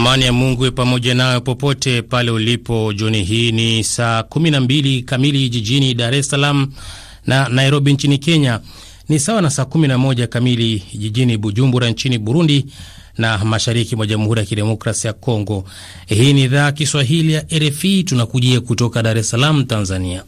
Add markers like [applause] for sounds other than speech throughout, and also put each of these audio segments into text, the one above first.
Amani ya Mungu iwe pamoja nayo popote pale ulipo. Jioni hii ni saa 12 kamili jijini Dar es Salaam na Nairobi nchini Kenya, ni sawa na saa 11 kamili jijini Bujumbura nchini Burundi na mashariki mwa Jamhuri ya Kidemokrasia ya Kongo. Hii ni idhaa Kiswahili ya RFI, tunakujia kutoka Dar es Salaam, Tanzania.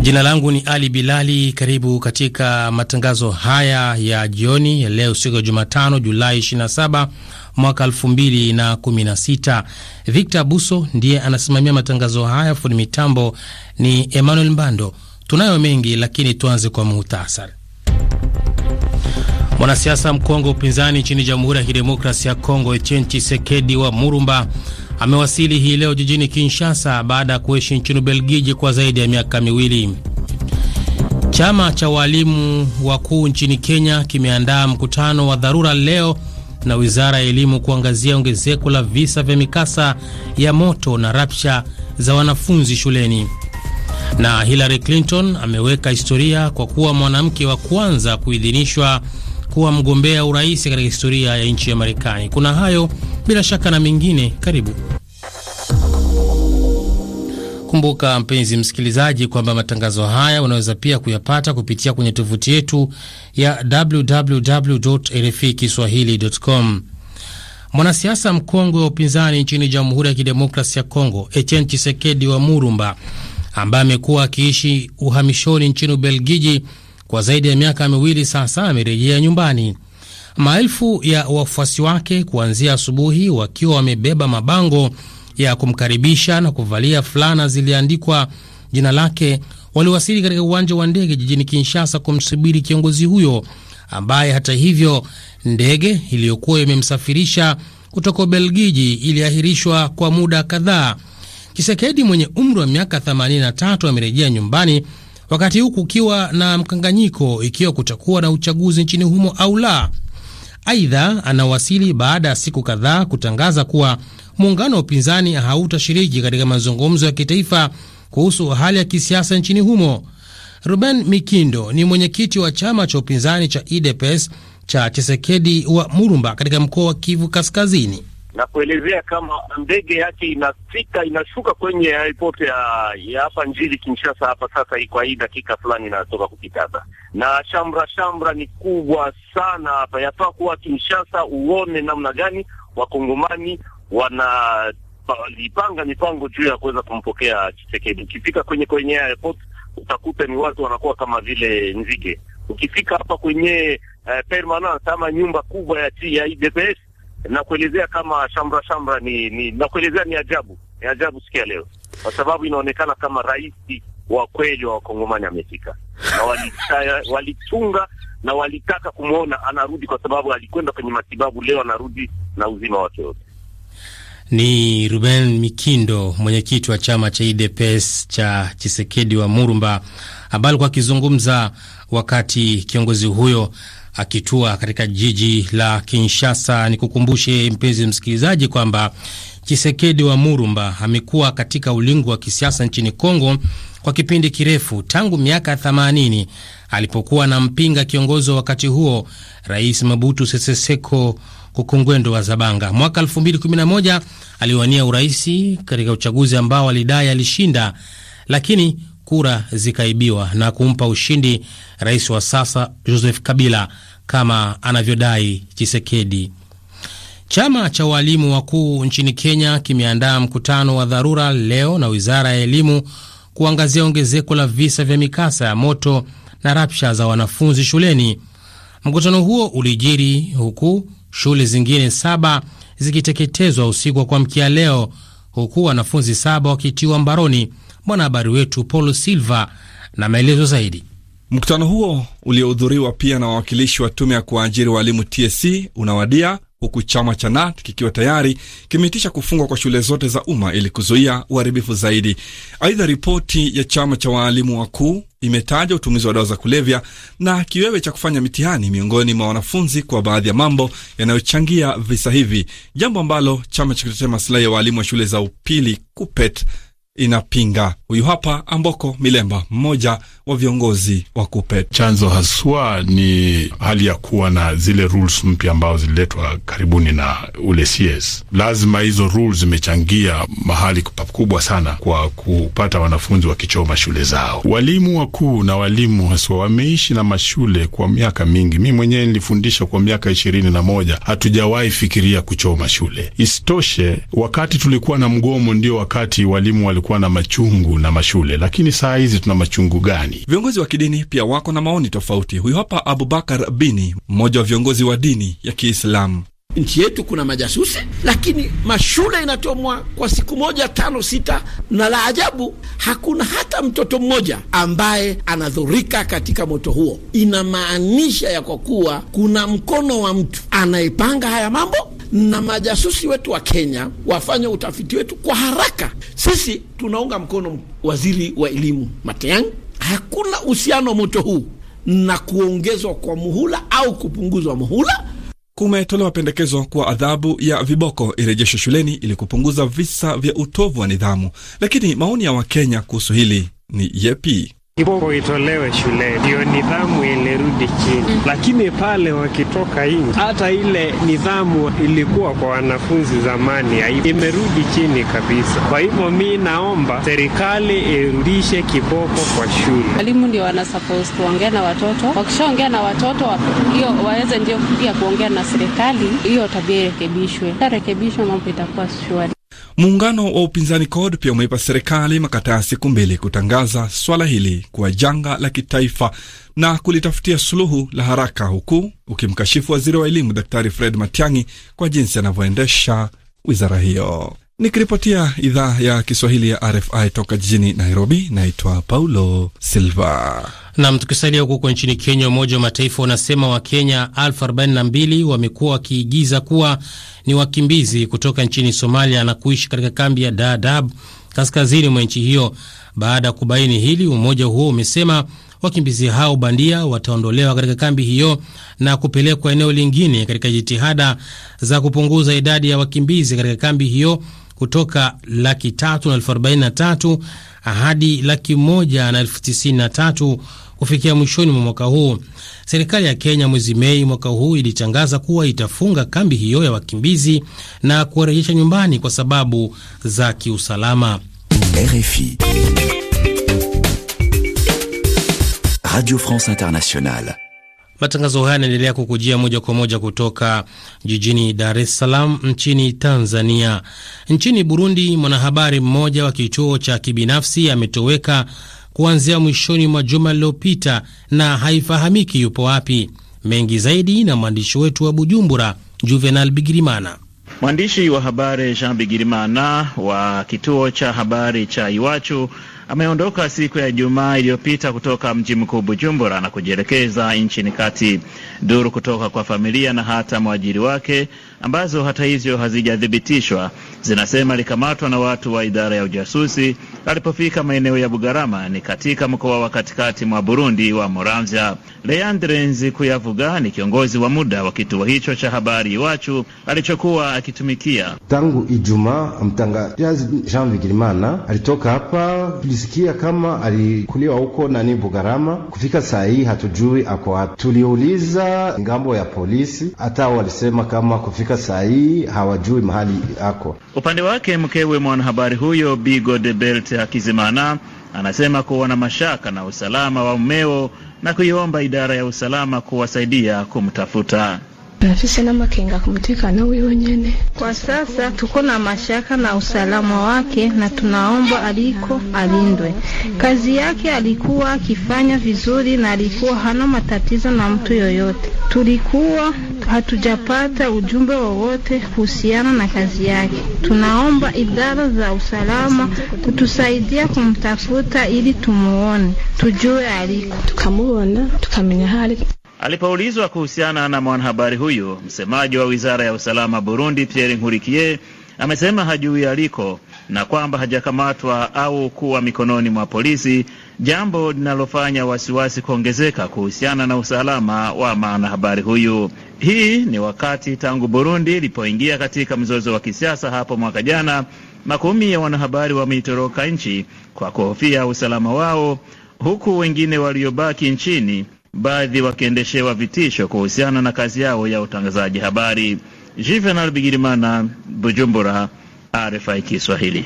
Jina langu ni Ali Bilali. Karibu katika matangazo haya ya jioni ya leo, siku ya Jumatano, Julai 27 mwaka 2016. Victor Buso ndiye anasimamia matangazo haya. Fundi mitambo ni Emmanuel Mbando. Tunayo mengi, lakini tuanze kwa muhtasari. Mwanasiasa mkongwe upinzani nchini Jamhuri ya Kidemokrasia ya Kongo Etienne Tshisekedi wa Murumba amewasili hii leo jijini Kinshasa baada ya kuishi nchini Ubelgiji kwa zaidi ya miaka miwili. Chama cha walimu wakuu nchini Kenya kimeandaa mkutano wa dharura leo na wizara ya elimu kuangazia ongezeko la visa vya mikasa ya moto na rapsha za wanafunzi shuleni. Na Hillary Clinton ameweka historia kwa kuwa mwanamke wa kwanza kuidhinishwa kuwa mgombea urais katika historia ya nchi ya Marekani. Kuna hayo bila shaka na mengine, karibu. Kumbuka mpenzi msikilizaji, kwamba matangazo haya unaweza pia kuyapata kupitia kwenye tovuti yetu ya www RFI kiswahili.com. Mwanasiasa mkongwe wa upinzani nchini Jamhuri ya Kidemokrasi ya Kongo, Etienne Chisekedi wa Murumba, ambaye amekuwa akiishi uhamishoni nchini Ubelgiji kwa zaidi ya miaka miwili sasa amerejea nyumbani. Maelfu ya wafuasi wake kuanzia asubuhi wakiwa wamebeba mabango ya kumkaribisha na kuvalia fulana ziliandikwa jina lake waliwasili katika uwanja wa ndege jijini Kinshasa kumsubiri kiongozi huyo ambaye hata hivyo ndege iliyokuwa imemsafirisha kutoka Ubelgiji iliahirishwa kwa muda kadhaa. Kisekedi mwenye umri wa miaka 83 amerejea nyumbani wakati huu kukiwa na mkanganyiko ikiwa kutakuwa na uchaguzi nchini humo au la. Aidha, anawasili baada ya siku kadhaa kutangaza kuwa muungano wa upinzani hautashiriki katika mazungumzo ya kitaifa kuhusu hali ya kisiasa nchini humo. Ruben Mikindo ni mwenyekiti wa chama cha upinzani cha UDPS cha Chisekedi wa Murumba katika mkoa wa Kivu Kaskazini na kuelezea kama ndege yake inafika inashuka kwenye airport ya, hapa Njili Kinshasa hapa sasa kwa hii dakika fulani inatoka kupitaza, na shamra shamra ni kubwa sana hapa. Yafaa kuwa Kinshasa uone namna gani wakongomani wanalipanga mipango juu ya kuweza kumpokea Chisekedi. Ukifika kwenye kwenye airport utakuta ni watu wanakuwa kama vile nzige. Ukifika hapa kwenye eh, permanence ama nyumba kubwa ya, ya nakuelezea kama shamra shamra ni, ni nakuelezea ni ajabu, ni ajabu sikia leo, kwa sababu inaonekana kama rais wa kweli wa wakongomani amefika, na walitaya, walichunga na walitaka kumwona anarudi, kwa sababu alikwenda kwenye matibabu, leo anarudi na uzima wake wote. Ni Ruben Mikindo, mwenyekiti wa chama cha UDPS cha Chisekedi wa Murumba, ambaye alikuwa akizungumza wakati kiongozi huyo akitua katika jiji la Kinshasa. ni kukumbushe mpenzi msikilizaji kwamba Chisekedi wa Murumba amekuwa katika ulingo wa kisiasa nchini Kongo kwa kipindi kirefu tangu miaka 80 alipokuwa anampinga kiongozi wa wakati huo Rais mabutu Sese Seko wa Zabanga. Mwaka 2011 aliwania uraisi katika uchaguzi ambao alidai alishinda, lakini kura zikaibiwa na kumpa ushindi rais wa sasa Joseph Kabila kama anavyodai Chisekedi. Chama cha walimu wakuu nchini Kenya kimeandaa mkutano wa dharura leo na wizara ya elimu kuangazia ongezeko la visa vya mikasa ya moto na rapsha za wanafunzi shuleni. Mkutano huo ulijiri huku shule zingine saba zikiteketezwa usiku wa kuamkia leo, huku wanafunzi saba wakitiwa mbaroni mwanahabari wetu Paul Silva na maelezo zaidi. Mkutano huo uliohudhuriwa pia na wawakilishi wa tume ya kuwaajiri waalimu TSC unawadia huku chama cha NAT kikiwa tayari kimeitisha kufungwa kwa shule zote za umma ili kuzuia uharibifu zaidi. Aidha, ripoti ya chama cha waalimu wakuu imetaja utumizi wa dawa za kulevya na kiwewe cha kufanya mitihani miongoni mwa wanafunzi kwa baadhi ya mambo yanayochangia visa hivi, jambo ambalo chama cha kutetea masilahi ya waalimu wa shule za upili KUPET inapinga. Huyu hapa Amboko Milemba, mmoja wa viongozi wa KUPPET. Chanzo haswa ni hali ya kuwa na zile rules mpya ambazo zililetwa karibuni na ule CS. Lazima hizo rules zimechangia mahali pakubwa sana kwa kupata wanafunzi wakichoma shule zao. Walimu wakuu na walimu haswa wameishi na mashule kwa miaka mingi. Mi mwenyewe nilifundisha kwa miaka ishirini na moja, hatujawahi fikiria kuchoma shule. Isitoshe, wakati tulikuwa na mgomo ndio wakati walimu walikuwa kulikuwa na machungu na mashule, lakini saa hizi tuna machungu gani? Viongozi wa kidini pia wako na maoni tofauti. Huyu hapa Abubakar Bini, mmoja wa viongozi wa dini ya Kiislamu. Nchi yetu kuna majasusi, lakini mashule inatomwa kwa siku moja tano sita, na la ajabu hakuna hata mtoto mmoja ambaye anadhurika katika moto huo. Inamaanisha ya kwa kuwa kuna mkono wa mtu anayepanga haya mambo na majasusi wetu wa Kenya wafanye utafiti wetu kwa haraka. Sisi tunaunga mkono waziri wa elimu Matiang'i. Hakuna uhusiano moto huu na kuongezwa kwa muhula au kupunguzwa muhula. Kumetolewa pendekezo kuwa adhabu ya viboko irejeshwe shuleni ili kupunguza visa vya utovu wa nidhamu, lakini maoni ya Wakenya kuhusu hili ni yepi? Kiboko itolewe shule ndio nidhamu ilirudi chini mm. Lakini pale wakitoka nje, hata ile nidhamu ilikuwa kwa wanafunzi zamani imerudi chini kabisa. Kwa hivyo mi naomba serikali irudishe kiboko kwa shule. Walimu ndio wana suppose kuongea na watoto, wakishaongea na watoto hiyo waweze ndio pia kuongea na serikali, hiyo tabia irekebishwe. Rekebishwa mambo itakuwa shwari. Muungano wa upinzani CORD pia umeipa serikali makataa ya siku mbili kutangaza swala hili kuwa janga la kitaifa na kulitafutia suluhu la haraka, huku ukimkashifu waziri wa elimu Daktari Fred Matiang'i kwa jinsi anavyoendesha wizara hiyo. Nikiripotia idhaa ya Kiswahili ya RFI toka jijini Nairobi, naitwa Paulo Silva. Nam, tukisalia huko nchini Kenya, Umoja wa Mataifa unasema Wakenya elfu wamekuwa wakiigiza kuwa ni wakimbizi kutoka nchini Somalia na kuishi katika kambi ya dadab kaskazini mwa nchi hiyo. Baada ya kubaini hili, umoja huo umesema wakimbizi hao bandia wataondolewa katika kambi hiyo na kupelekwa eneo lingine katika jitihada za kupunguza idadi ya wakimbizi katika kambi hiyo kutoka laki tatu na elfu arobaini na tatu hadi laki moja na elfu tisini na tatu kufikia mwishoni mwa mwaka huu. Serikali ya Kenya mwezi Mei mwaka huu ilitangaza kuwa itafunga kambi hiyo ya wakimbizi na kuwarejesha nyumbani kwa sababu za kiusalama. RFI Radio France Internationale Matangazo haya yanaendelea kukujia moja kwa moja kutoka jijini Dar es Salaam nchini Tanzania. Nchini Burundi, mwanahabari mmoja wa kituo cha kibinafsi ametoweka kuanzia mwishoni mwa juma lililopita na haifahamiki yupo wapi. Mengi zaidi na mwandishi wetu wa Bujumbura, Juvenal Bigirimana. Mwandishi wa habari Jean Bigirimana wa kituo cha habari cha Iwachu ameondoka siku ya Ijumaa iliyopita kutoka mji mkuu Bujumbura na kujielekeza nchini kati. Duru kutoka kwa familia na hata mwajiri wake, ambazo hata hizyo hazijathibitishwa, zinasema alikamatwa na watu wa idara ya ujasusi alipofika maeneo ya Bugarama ni katika mkoa wa katikati mwa Burundi wa Muramvya. Leandre Nzikuyavuga ni kiongozi wa muda wa kituo hicho cha habari Iwachu alichokuwa akitumikia tangu Ijumaa. Mtangazaji Jean Vigirimana alitoka hapa, tulisikia kama alikuliwa huko nani Bugarama. Kufika saa hii hatujui ako wapi. Tuliuliza ngambo ya polisi, hata walisema kama kufika saa hii hawajui mahali ako. Upande wake mkewe mwanahabari huyo Bigo de Belte Hakizimana anasema kuwa na mashaka na usalama wa mmeo na kuiomba idara ya usalama kuwasaidia kumtafuta bafise n'amakenga ku mutekano wiwe nyene. Kwa sasa tuko na mashaka na usalama wake, na tunaomba aliko alindwe. Kazi yake alikuwa akifanya vizuri na alikuwa hana matatizo na mtu yoyote. Tulikuwa hatujapata ujumbe wowote kuhusiana na kazi yake. Tunaomba idara za usalama kutusaidia kumtafuta ili tumuone, tujue aliko, tukamubona, tukamenya hali Alipoulizwa kuhusiana na mwanahabari huyu, msemaji wa wizara ya usalama Burundi, Pierre Nkurikiye, amesema hajui aliko na kwamba hajakamatwa au kuwa mikononi mwa polisi, jambo linalofanya wasiwasi kuongezeka kuhusiana na usalama wa mwanahabari huyu. Hii ni wakati tangu Burundi ilipoingia katika mzozo wa kisiasa hapo mwaka jana, makumi ya wanahabari wameitoroka nchi kwa kuhofia usalama wao, huku wengine waliobaki nchini baadhi wakiendeshewa vitisho kuhusiana na kazi yao ya utangazaji habari. Juvenal Bigirimana, Bujumbura, RFI Kiswahili.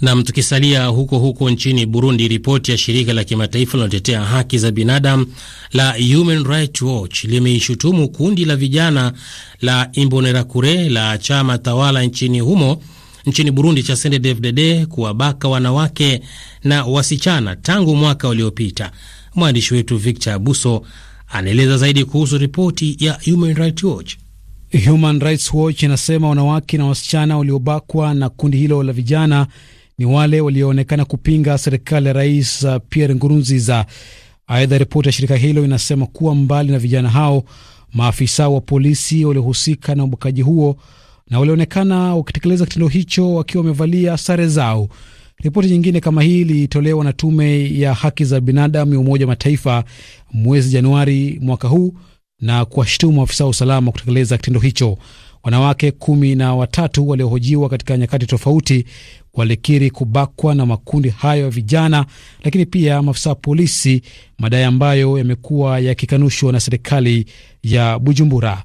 Nam, tukisalia huko huko nchini Burundi, ripoti ya shirika la kimataifa linalotetea haki za binadamu la Human Rights Watch limeishutumu kundi la vijana la Imbonerakure la chama tawala nchini humo nchini Burundi cha CNDD-FDD kuwabaka wanawake na wasichana tangu mwaka uliopita. Mwandishi wetu Victor Abuso anaeleza zaidi kuhusu ripoti ya Human Rights Watch. Human Rights Watch inasema wanawake na wasichana waliobakwa na kundi hilo la vijana ni wale walioonekana kupinga serikali ya Rais uh, Pierre Nkurunziza. Aidha, ripoti ya shirika hilo inasema kuwa mbali na vijana hao, maafisa wa polisi waliohusika na ubakaji huo na walioonekana wakitekeleza kitendo hicho wakiwa wamevalia sare zao Ripoti nyingine kama hii ilitolewa na tume ya haki za binadamu ya Umoja wa Mataifa mwezi Januari mwaka huu na kuwashtumu afisa wa usalama kutekeleza kitendo hicho. Wanawake kumi na watatu waliohojiwa katika nyakati tofauti walikiri kubakwa na makundi hayo ya vijana, lakini pia maafisa wa polisi, madai ambayo yamekuwa yakikanushwa na serikali ya Bujumbura.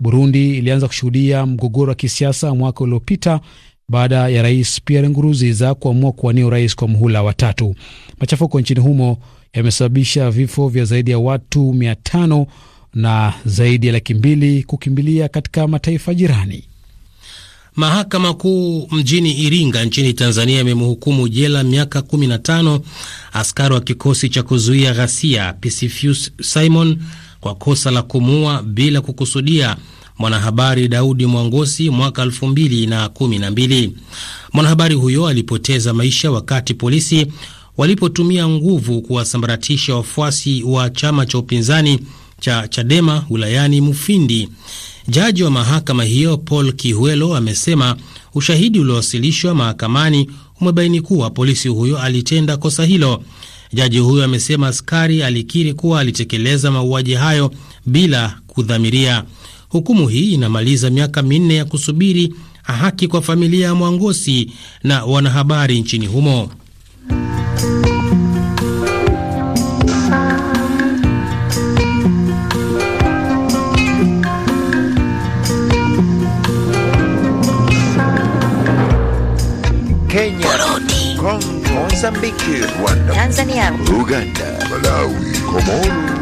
Burundi ilianza kushuhudia mgogoro wa kisiasa mwaka uliopita baada ya rais Pierre Nkurunziza kuamua kuwania urais kwa mhula wa tatu. Machafuko nchini humo yamesababisha vifo vya zaidi ya watu mia tano na zaidi ya laki mbili kukimbilia katika mataifa jirani. Mahakama Kuu mjini Iringa nchini Tanzania imemhukumu jela miaka 15 askari wa kikosi cha kuzuia ghasia Pisifius Simon kwa kosa la kumuua bila kukusudia mwanahabari Daudi Mwangosi mwaka mbili. Mwanahabari huyo alipoteza maisha wakati polisi walipotumia nguvu kuwasambaratisha wafuasi wa chama cha upinzani cha Chadema wilayani Mufindi. Jaji wa mahakama hiyo Paul Kihwelo amesema ushahidi uliowasilishwa mahakamani umebaini kuwa polisi huyo alitenda kosa hilo. Jaji huyo amesema askari alikiri kuwa alitekeleza mauaji hayo bila kudhamiria. Hukumu hii inamaliza miaka minne ya kusubiri haki kwa familia ya Mwangosi na wanahabari nchini humo. Kenya, Burundi, Kongo, Rwanda, Tanzania, Uganda, Malawi, Komoro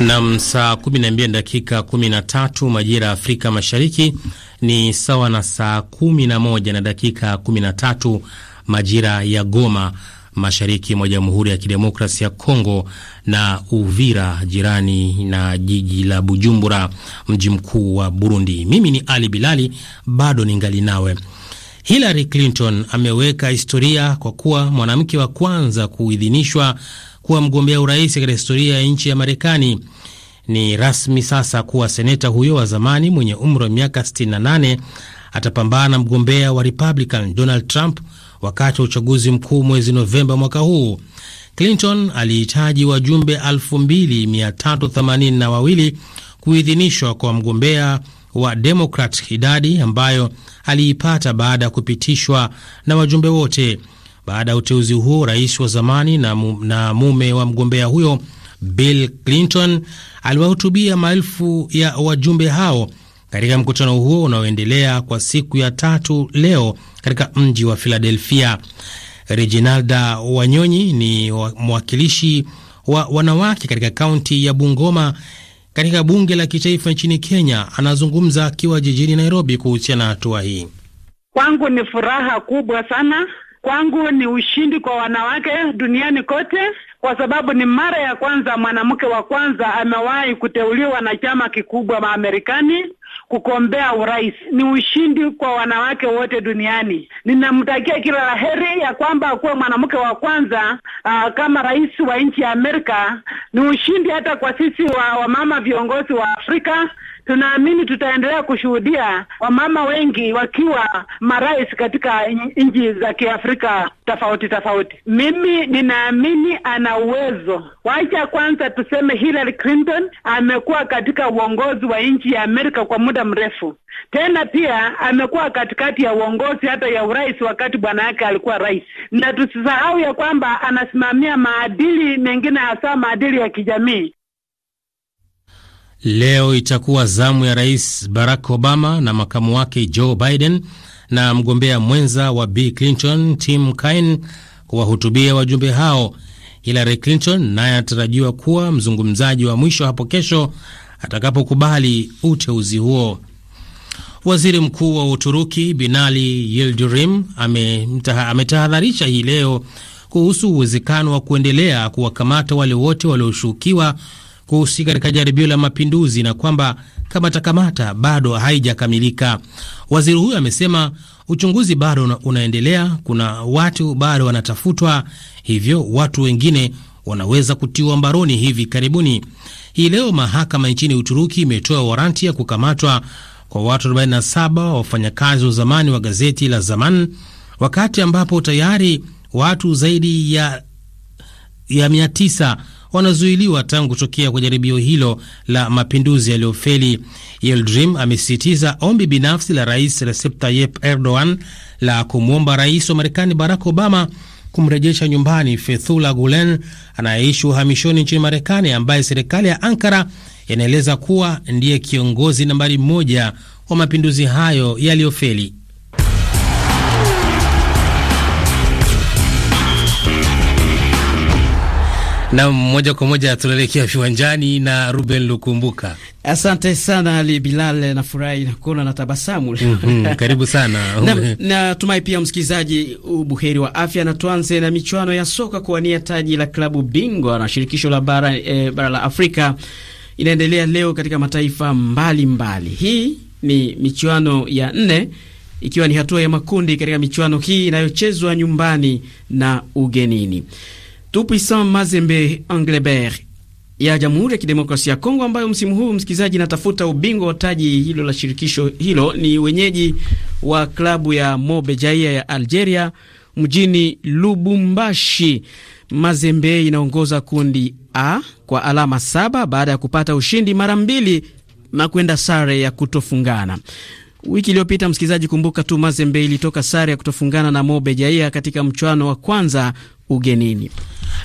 Nam, saa 12 dakika 13 majira ya Afrika Mashariki ni sawa na saa 11 na dakika 13 majira ya Goma mashariki mwa Jamhuri ya Kidemokrasi ya Kongo na Uvira jirani na jiji la Bujumbura, mji mkuu wa Burundi. Mimi ni Ali Bilali, bado ningali nawe. Hillary Clinton ameweka historia kwa kuwa mwanamke wa kwanza kuidhinishwa kuwa mgombea urais katika historia ya nchi ya Marekani. Ni rasmi sasa kuwa seneta huyo wa zamani mwenye umri wa miaka 68 atapambana na mgombea wa Republican Donald Trump wakati wa uchaguzi mkuu mwezi Novemba mwaka huu. Clinton alihitaji wajumbe 2382 kuidhinishwa kwa mgombea wa Demokrat, idadi ambayo aliipata baada ya kupitishwa na wajumbe wote. Baada ya uteuzi huo, rais wa zamani na, mu, na mume wa mgombea huyo Bill Clinton aliwahutubia maelfu ya wajumbe hao katika mkutano huo unaoendelea kwa siku ya tatu leo katika mji wa Philadelphia. Reginalda Wanyonyi ni mwakilishi wa wanawake katika kaunti ya Bungoma katika bunge la kitaifa nchini Kenya. Anazungumza akiwa jijini Nairobi kuhusiana na hatua hii. Kwangu ni furaha kubwa sana Kwangu ni ushindi kwa wanawake duniani kote, kwa sababu ni mara ya kwanza mwanamke wa kwanza amewahi kuteuliwa na chama kikubwa Maamerikani kukombea urais. Ni ushindi kwa wanawake wote duniani. Ninamtakia kila la heri ya kwamba akuwe mwanamke wa kwanza aa, ah, kama rais wa nchi ya Amerika. Ni ushindi hata kwa sisi wa, wa mama viongozi wa Afrika Tunaamini tutaendelea kushuhudia wamama wengi wakiwa marais katika nchi za Kiafrika tofauti tofauti. Mimi ninaamini ana uwezo. Wacha kwanza tuseme Hillary Clinton amekuwa katika uongozi wa nchi ya Amerika kwa muda mrefu, tena pia amekuwa katikati ya uongozi hata ya urais wakati bwana yake alikuwa rais, na tusisahau ya kwamba anasimamia maadili mengine, hasa maadili ya kijamii. Leo itakuwa zamu ya Rais Barack Obama na makamu wake Joe Biden na mgombea mwenza wa Bill Clinton Tim Kaine kuwahutubia wajumbe hao. Hillary Clinton naye anatarajiwa kuwa mzungumzaji wa mwisho hapo kesho atakapokubali uteuzi huo. Waziri Mkuu wa Uturuki Binali Yildirim ametahadharisha hii leo kuhusu uwezekano wa kuendelea kuwakamata wale wote walioshukiwa kuhusika katika jaribio la mapinduzi na kwamba kamata kamata bado haijakamilika. Waziri huyo amesema uchunguzi bado unaendelea, kuna watu bado wanatafutwa, hivyo watu wengine wanaweza kutiwa mbaroni hivi karibuni. Hii leo mahakama nchini Uturuki imetoa waranti ya kukamatwa kwa watu 47 wa wafanyakazi wa zamani wa gazeti la Zaman, wakati ambapo tayari watu zaidi ya, ya 900 wanazuiliwa tangu kutokea kwa jaribio hilo la mapinduzi yaliyofeli. Yildirim amesisitiza ombi binafsi la rais Recep Tayyip Erdogan la kumwomba rais wa Marekani Barack Obama kumrejesha nyumbani Fethullah Gulen anayeishi uhamishoni nchini Marekani, ambaye serikali ya Ankara yanaeleza kuwa ndiye kiongozi nambari moja wa mapinduzi hayo yaliyofeli. Na moja kwa moja tunaelekea viwanjani na Ruben Lukumbuka. Asante sana Ali Bilal, nafurahi nakuona na tabasamu. mm -hmm, karibu sana [laughs] na, [laughs] na tumai pia msikilizaji ubuheri wa afya, na tuanze na michuano ya soka kuwania taji la klabu bingwa na shirikisho la bara, eh, bara la Afrika inaendelea leo katika mataifa mbalimbali mbali. Hii ni michuano ya nne ikiwa ni hatua ya makundi katika michuano hii inayochezwa nyumbani na ugenini. Tout-Puissant Mazembe Englebert ya Jamhuri ya Kidemokrasia ya Kongo, ambayo msimu huu msikilizaji, natafuta ubingwa wa taji hilo la shirikisho hilo. Ni wenyeji wa klabu ya Mobejaia ya Algeria mjini Lubumbashi. Mazembe inaongoza kundi A kwa alama saba baada ya kupata ushindi mara mbili na kwenda sare ya kutofungana. Wiki iliyopita msikilizaji, kumbuka tu Mazembe ilitoka sare ya kutofungana na Mobejaia katika mchuano wa kwanza ugenini.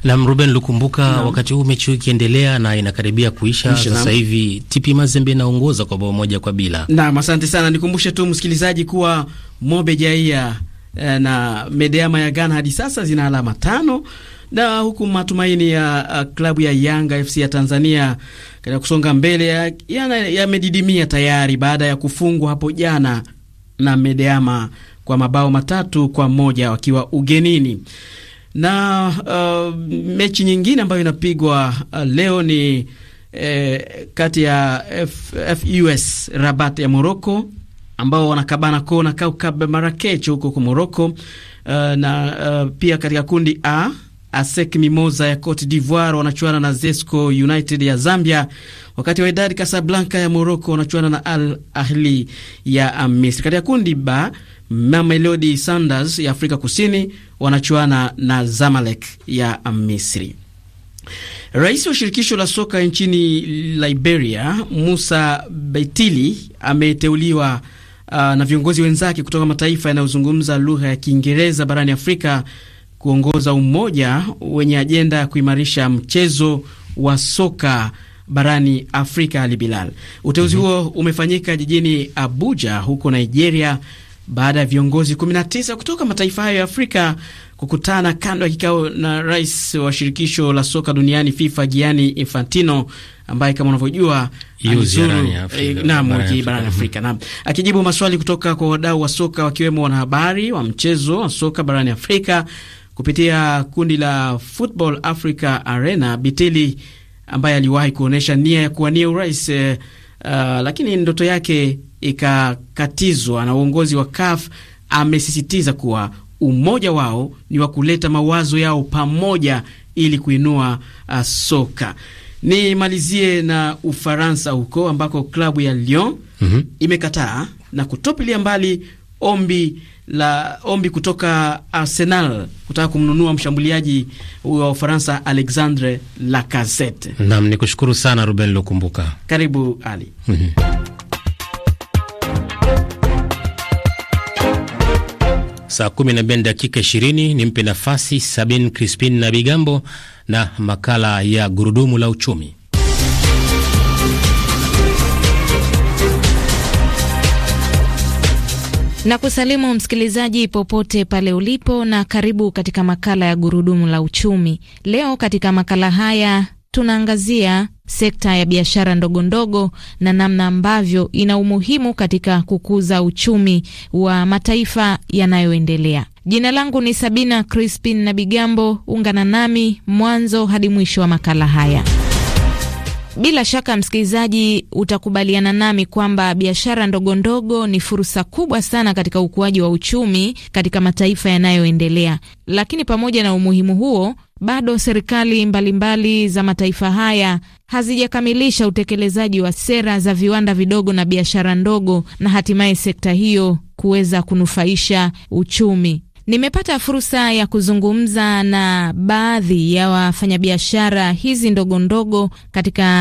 Na Ruben Lukumbuka na Wakati huu mechi ikiendelea na inakaribia kuisha sasa hivi, TP Mazembe inaongoza kwa bao moja kwa bila. Naam, asante sana. Nikumbushe tu msikilizaji kuwa Mobe Jaia eh, na Medeama ya Ghana hadi sasa zina alama tano na huku matumaini ya uh, klabu ya Yanga FC ya Tanzania katika kusonga mbele yamedidimia ya, ya tayari baada ya kufungwa hapo jana na Medeama kwa mabao matatu kwa moja wakiwa ugenini na uh, mechi nyingine ambayo inapigwa uh, leo ni eh, kati ya F, FUS Rabat ya Morocco ambao wanakabana kona Kaukab Marakech huko kwa Morocco uh, na uh, pia katika kundi A ASEC Mimosa ya Cote d'Ivoire wanachuana na Zesco United ya Zambia, wakati Wydad Casablanca ya Morocco wanachuana na Al Ahli ya Misri. Katika kundi ba Mamelodi Sundowns ya Afrika Kusini wanachuana na Zamalek ya Misri. Rais wa shirikisho la soka nchini Liberia, Musa Betili, ameteuliwa uh, na viongozi wenzake kutoka mataifa yanayozungumza lugha ya Kiingereza barani Afrika kuongoza umoja wenye ajenda ya kuimarisha mchezo wa soka barani Afrika. Ali Bilal, uteuzi mm -hmm. huo umefanyika jijini Abuja huko Nigeria baada ya viongozi 19 kutoka mataifa hayo ya Afrika kukutana kando ya kikao na rais wa shirikisho la soka duniani FIFA Gianni Infantino ambaye kama unavyojua barani eh, mhm. Afrika naam, akijibu maswali kutoka kwa wadau wa soka wakiwemo wanahabari wa mchezo wa soka barani Afrika kupitia kundi la Football Africa Arena. Biteli ambaye aliwahi kuonyesha nia ya kuwania urais uh, lakini ndoto yake ikakatizwa na uongozi wa CAF, amesisitiza kuwa umoja wao ni wa kuleta mawazo yao pamoja ili kuinua uh, soka. malizie na Ufaransa huko ambako klabu ya Lyon mm -hmm. imekataa na kutopilia mbali ombi la ombi kutoka Arsenal kutaka kumnunua mshambuliaji wa Ufaransa Alexandre Lacazette. Naam, ni kushukuru sana Ruben Lukumbuka. Karibu Ali. Mhm. Saa kumi na mbili dakika ishirini nimpe nafasi Sabin Crispin na Bigambo na makala ya gurudumu la uchumi. Na kusalimu msikilizaji popote pale ulipo, na karibu katika makala ya gurudumu la uchumi. Leo katika makala haya tunaangazia sekta ya biashara ndogondogo na namna ambavyo ina umuhimu katika kukuza uchumi wa mataifa yanayoendelea. Jina langu ni Sabina Crispin na Bigambo. Ungana nami mwanzo hadi mwisho wa makala haya. Bila shaka msikilizaji, utakubaliana nami kwamba biashara ndogo ndogo ni fursa kubwa sana katika ukuaji wa uchumi katika mataifa yanayoendelea. Lakini pamoja na umuhimu huo, bado serikali mbalimbali za mataifa haya hazijakamilisha utekelezaji wa sera za viwanda vidogo na biashara ndogo, na hatimaye sekta hiyo kuweza kunufaisha uchumi. Nimepata fursa ya kuzungumza na baadhi ya wafanyabiashara hizi ndogo ndogo katika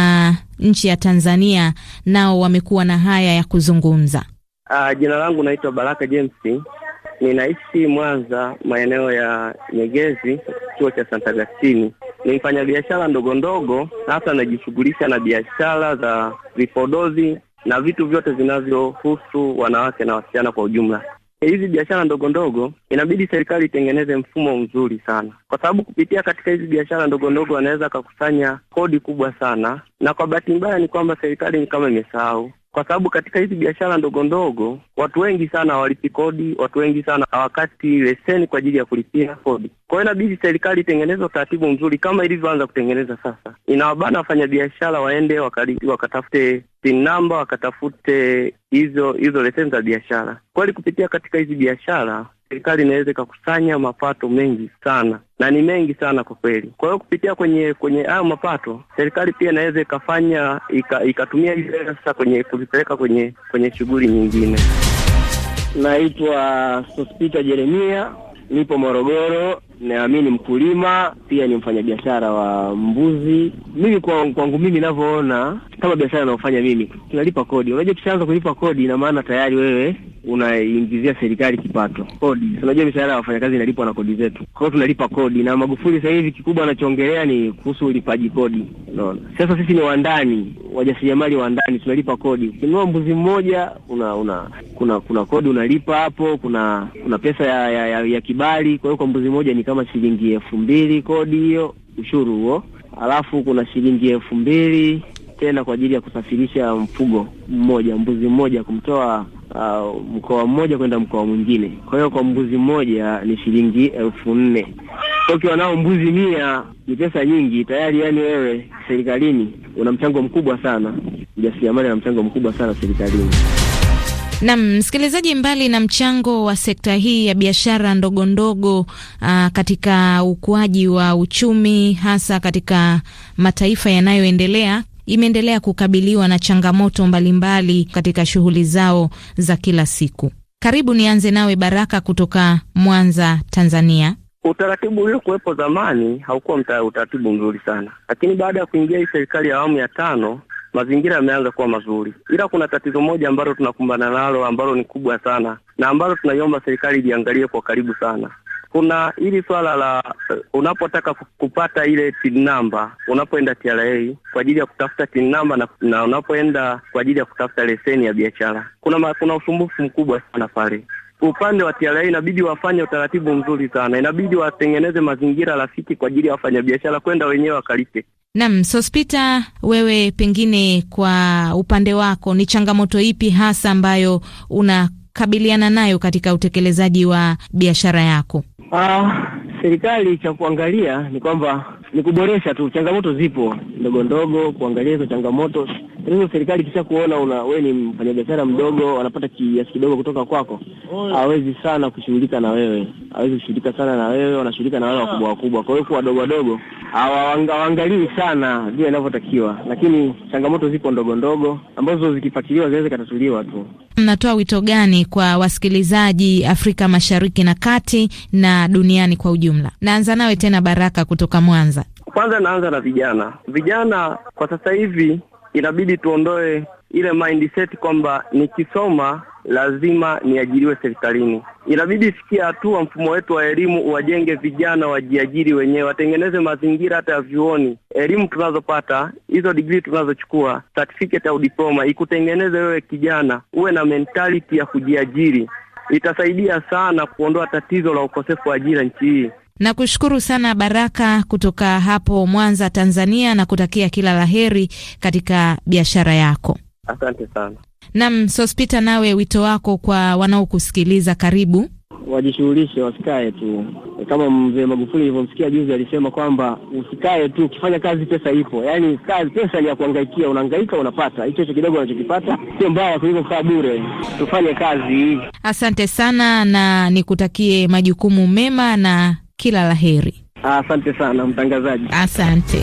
nchi ya Tanzania, nao wamekuwa na haya ya kuzungumza. Uh, jina langu naitwa Baraka James, ninaishi Mwanza, maeneo ya Nyegezi, kituo cha Santa Agustini. Ni mfanyabiashara ndogo ndogo, hasa najishughulisha na biashara za vipodozi na vitu vyote vinavyohusu wanawake na wasichana kwa ujumla. E, hizi biashara ndogo ndogo inabidi serikali itengeneze mfumo mzuri sana, kwa sababu kupitia katika hizi biashara ndogo ndogo wanaweza akakusanya kodi kubwa sana, na kwa bahati mbaya ni kwamba serikali ni kama imesahau kwa sababu katika hizi biashara ndogo ndogo watu wengi sana hawalipi kodi, watu wengi sana hawakati leseni kwa ajili ya kulipia kodi. Kwa hiyo inabidi serikali itengeneze utaratibu mzuri kama ilivyoanza kutengeneza sasa, inawabana wafanyabiashara waende wakatafute PIN namba, wakatafute hizo hizo leseni za biashara. Kweli kupitia katika hizi biashara serikali inaweza ikakusanya mapato mengi sana na ni mengi sana kwa kweli. Kwa hiyo kupitia kwenye kwenye hayo mapato, serikali pia inaweza ikafanya ikatumia hiyo hela sasa kwenye kuvipeleka kwenye kwenye shughuli nyingine. Naitwa Sospita Jeremia, nipo Morogoro. Naamini mkulima pia ni mfanyabiashara wa mbuzi. Mimi kwangu, kwa mimi ninavyoona kama biashara inayofanya mimi, tunalipa kodi. Unajua, kishaanza kulipa kodi, ina maana tayari wewe unaingizia serikali kipato, kodi. Unajua mishahara ya wafanyakazi inalipwa na kodi zetu, kwa hiyo tunalipa kodi. Na Magufuli sasa hivi kikubwa anachoongelea ni kuhusu ulipaji kodi, unaona. Sasa sisi ni wandani, wajasiriamali wa ndani, tunalipa kodi. Ukinunua mbuzi mmoja una, una kuna kuna kodi unalipa hapo, kuna kuna pesa ya, ya, ya, ya kibali. Kwa hiyo kwa mbuzi mmoja ni kama shilingi elfu mbili kodi hiyo, ushuru huo, alafu kuna shilingi elfu mbili tena kwa ajili ya kusafirisha mfugo mmoja, mbuzi mmoja, kumtoa uh, mkoa mmoja kwenda mkoa mwingine. Kwa hiyo kwa mbuzi mmoja ni shilingi elfu nne. Ukiwa nao mbuzi mia ni pesa nyingi tayari. Yani wewe serikalini una mchango mkubwa sana, mjasiriamali ana mchango mkubwa sana serikalini. Nam msikilizaji, mbali na mchango wa sekta hii ya biashara ndogo ndogo aa, uh, katika ukuaji wa uchumi hasa katika mataifa yanayoendelea, imeendelea kukabiliwa na changamoto mbalimbali katika shughuli zao za kila siku. Karibu nianze nawe Baraka kutoka Mwanza, Tanzania. Utaratibu uliokuwepo zamani haukuwa utaratibu mzuri sana, lakini baada ya kuingia hii serikali ya awamu ya tano mazingira yameanza kuwa mazuri, ila kuna tatizo moja ambalo tunakumbana nalo ambalo ni kubwa sana na ambalo tunaiomba serikali iliangalie kwa karibu sana kuna hili swala la unapotaka kupata ile tin namba unapoenda TRA kwa ajili ya kutafuta tin namba na, na unapoenda kwa ajili ya kutafuta leseni ya biashara kuna ma, kuna usumbufu mkubwa sana pale. Upande wa TRA inabidi wafanye utaratibu mzuri sana, inabidi watengeneze mazingira rafiki kwa ajili ya wafanyabiashara kwenda wenyewe wakalipe. Naam, Sospita, wewe pengine kwa upande wako ni changamoto ipi hasa ambayo unakabiliana nayo katika utekelezaji wa biashara yako? Well, serikali cha kuangalia ni kwamba ni kuboresha tu, changamoto zipo ndogo ndogo, kuangalia hizo changamoto. Hizo serikali kisha kuona una wewe ni mfanyabiashara mdogo, anapata kiasi kidogo kutoka kwako, hawezi sana kushughulika na wewe, hawezi kushughulika sana na wewe, wanashughulika na wale ah. wakubwa wakubwa. Kwa hiyo kwa wadogo wadogo hawaangalii sana vile inavyotakiwa, lakini changamoto zipo ndogo ndogo ambazo zikifuatiliwa zinaweza katatuliwa tu. Mnatoa wito gani kwa wasikilizaji Afrika Mashariki na Kati na duniani kwa ujumla? ujumla? Naanza nawe tena Baraka kutoka Mwanza. Kwanza naanza na vijana. Vijana kwa sasa hivi inabidi tuondoe ile mindset kwamba nikisoma lazima niajiriwe serikalini. Inabidi sikia hatua mfumo wetu wa elimu uwajenge vijana wajiajiri wenyewe, watengeneze mazingira hata ya vyuoni. Elimu tunazopata hizo digrii tunazochukua, certificate au diploma, ikutengeneze wewe kijana uwe na mentality ya kujiajiri itasaidia sana kuondoa tatizo la ukosefu wa ajira nchi hii. Nakushukuru sana Baraka kutoka hapo Mwanza, Tanzania, na kutakia kila laheri katika biashara yako. Asante sana. Nam Sospita, nawe wito wako kwa wanaokusikiliza, karibu wajishughulishe, wasikae tu, kama mzee Magufuli ilivyomsikia juzi, alisema kwamba usikae tu, ukifanya kazi pesa ipo. Yaani kazi, pesa ni ya kuangaikia unaangaika unapata hicho hicho kidogo unachokipata, sio mbaya kuliko kukaa bure. Tufanye kazi. Asante sana, na nikutakie majukumu mema na kila laheri. Asante sana mtangazaji, asante.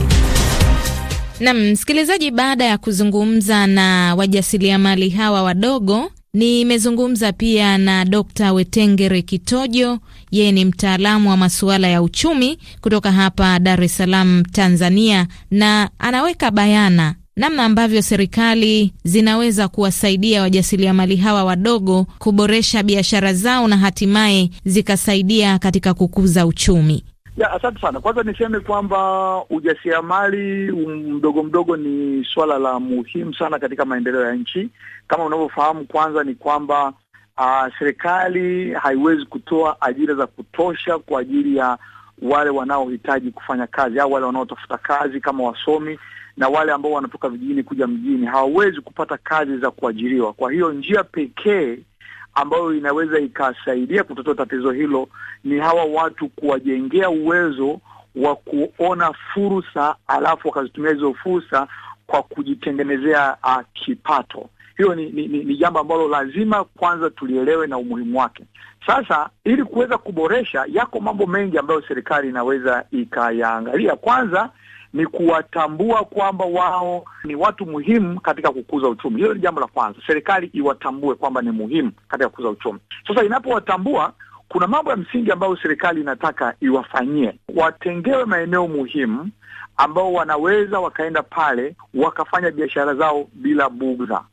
Na msikilizaji, baada ya kuzungumza na wajasiriamali hawa wadogo, Nimezungumza pia na Dr. Wetengere Kitojo, yeye ni mtaalamu wa masuala ya uchumi kutoka hapa Dar es Salaam, Tanzania, na anaweka bayana namna ambavyo serikali zinaweza kuwasaidia wajasiriamali hawa wadogo kuboresha biashara zao na hatimaye zikasaidia katika kukuza uchumi. Ya, asante sana. Kwanza niseme kwamba ujasiriamali mdogo mdogo ni swala la muhimu sana katika maendeleo ya nchi. Kama unavyofahamu, kwanza ni kwamba uh, serikali haiwezi kutoa ajira za kutosha kwa ajili ya wale wanaohitaji kufanya kazi au wale wanaotafuta kazi kama wasomi na wale ambao wanatoka vijijini kuja mjini hawawezi kupata kazi za kuajiriwa. Kwa hiyo njia pekee ambayo inaweza ikasaidia kutatua tatizo hilo ni hawa watu kuwajengea uwezo wa kuona fursa, alafu wakazitumia hizo fursa kwa kujitengenezea uh, kipato. Hiyo ni, ni, ni, ni jambo ambalo lazima kwanza tulielewe na umuhimu wake. Sasa ili kuweza kuboresha, yako mambo mengi ambayo serikali inaweza ikayaangalia. Kwanza ni kuwatambua kwamba wao ni watu muhimu katika kukuza uchumi. Hilo ni jambo la kwanza, serikali iwatambue kwamba ni muhimu katika kukuza uchumi. Sasa inapowatambua kuna mambo ya msingi ambayo serikali inataka iwafanyie. Watengewe maeneo muhimu ambao wanaweza wakaenda pale wakafanya biashara zao bila bugha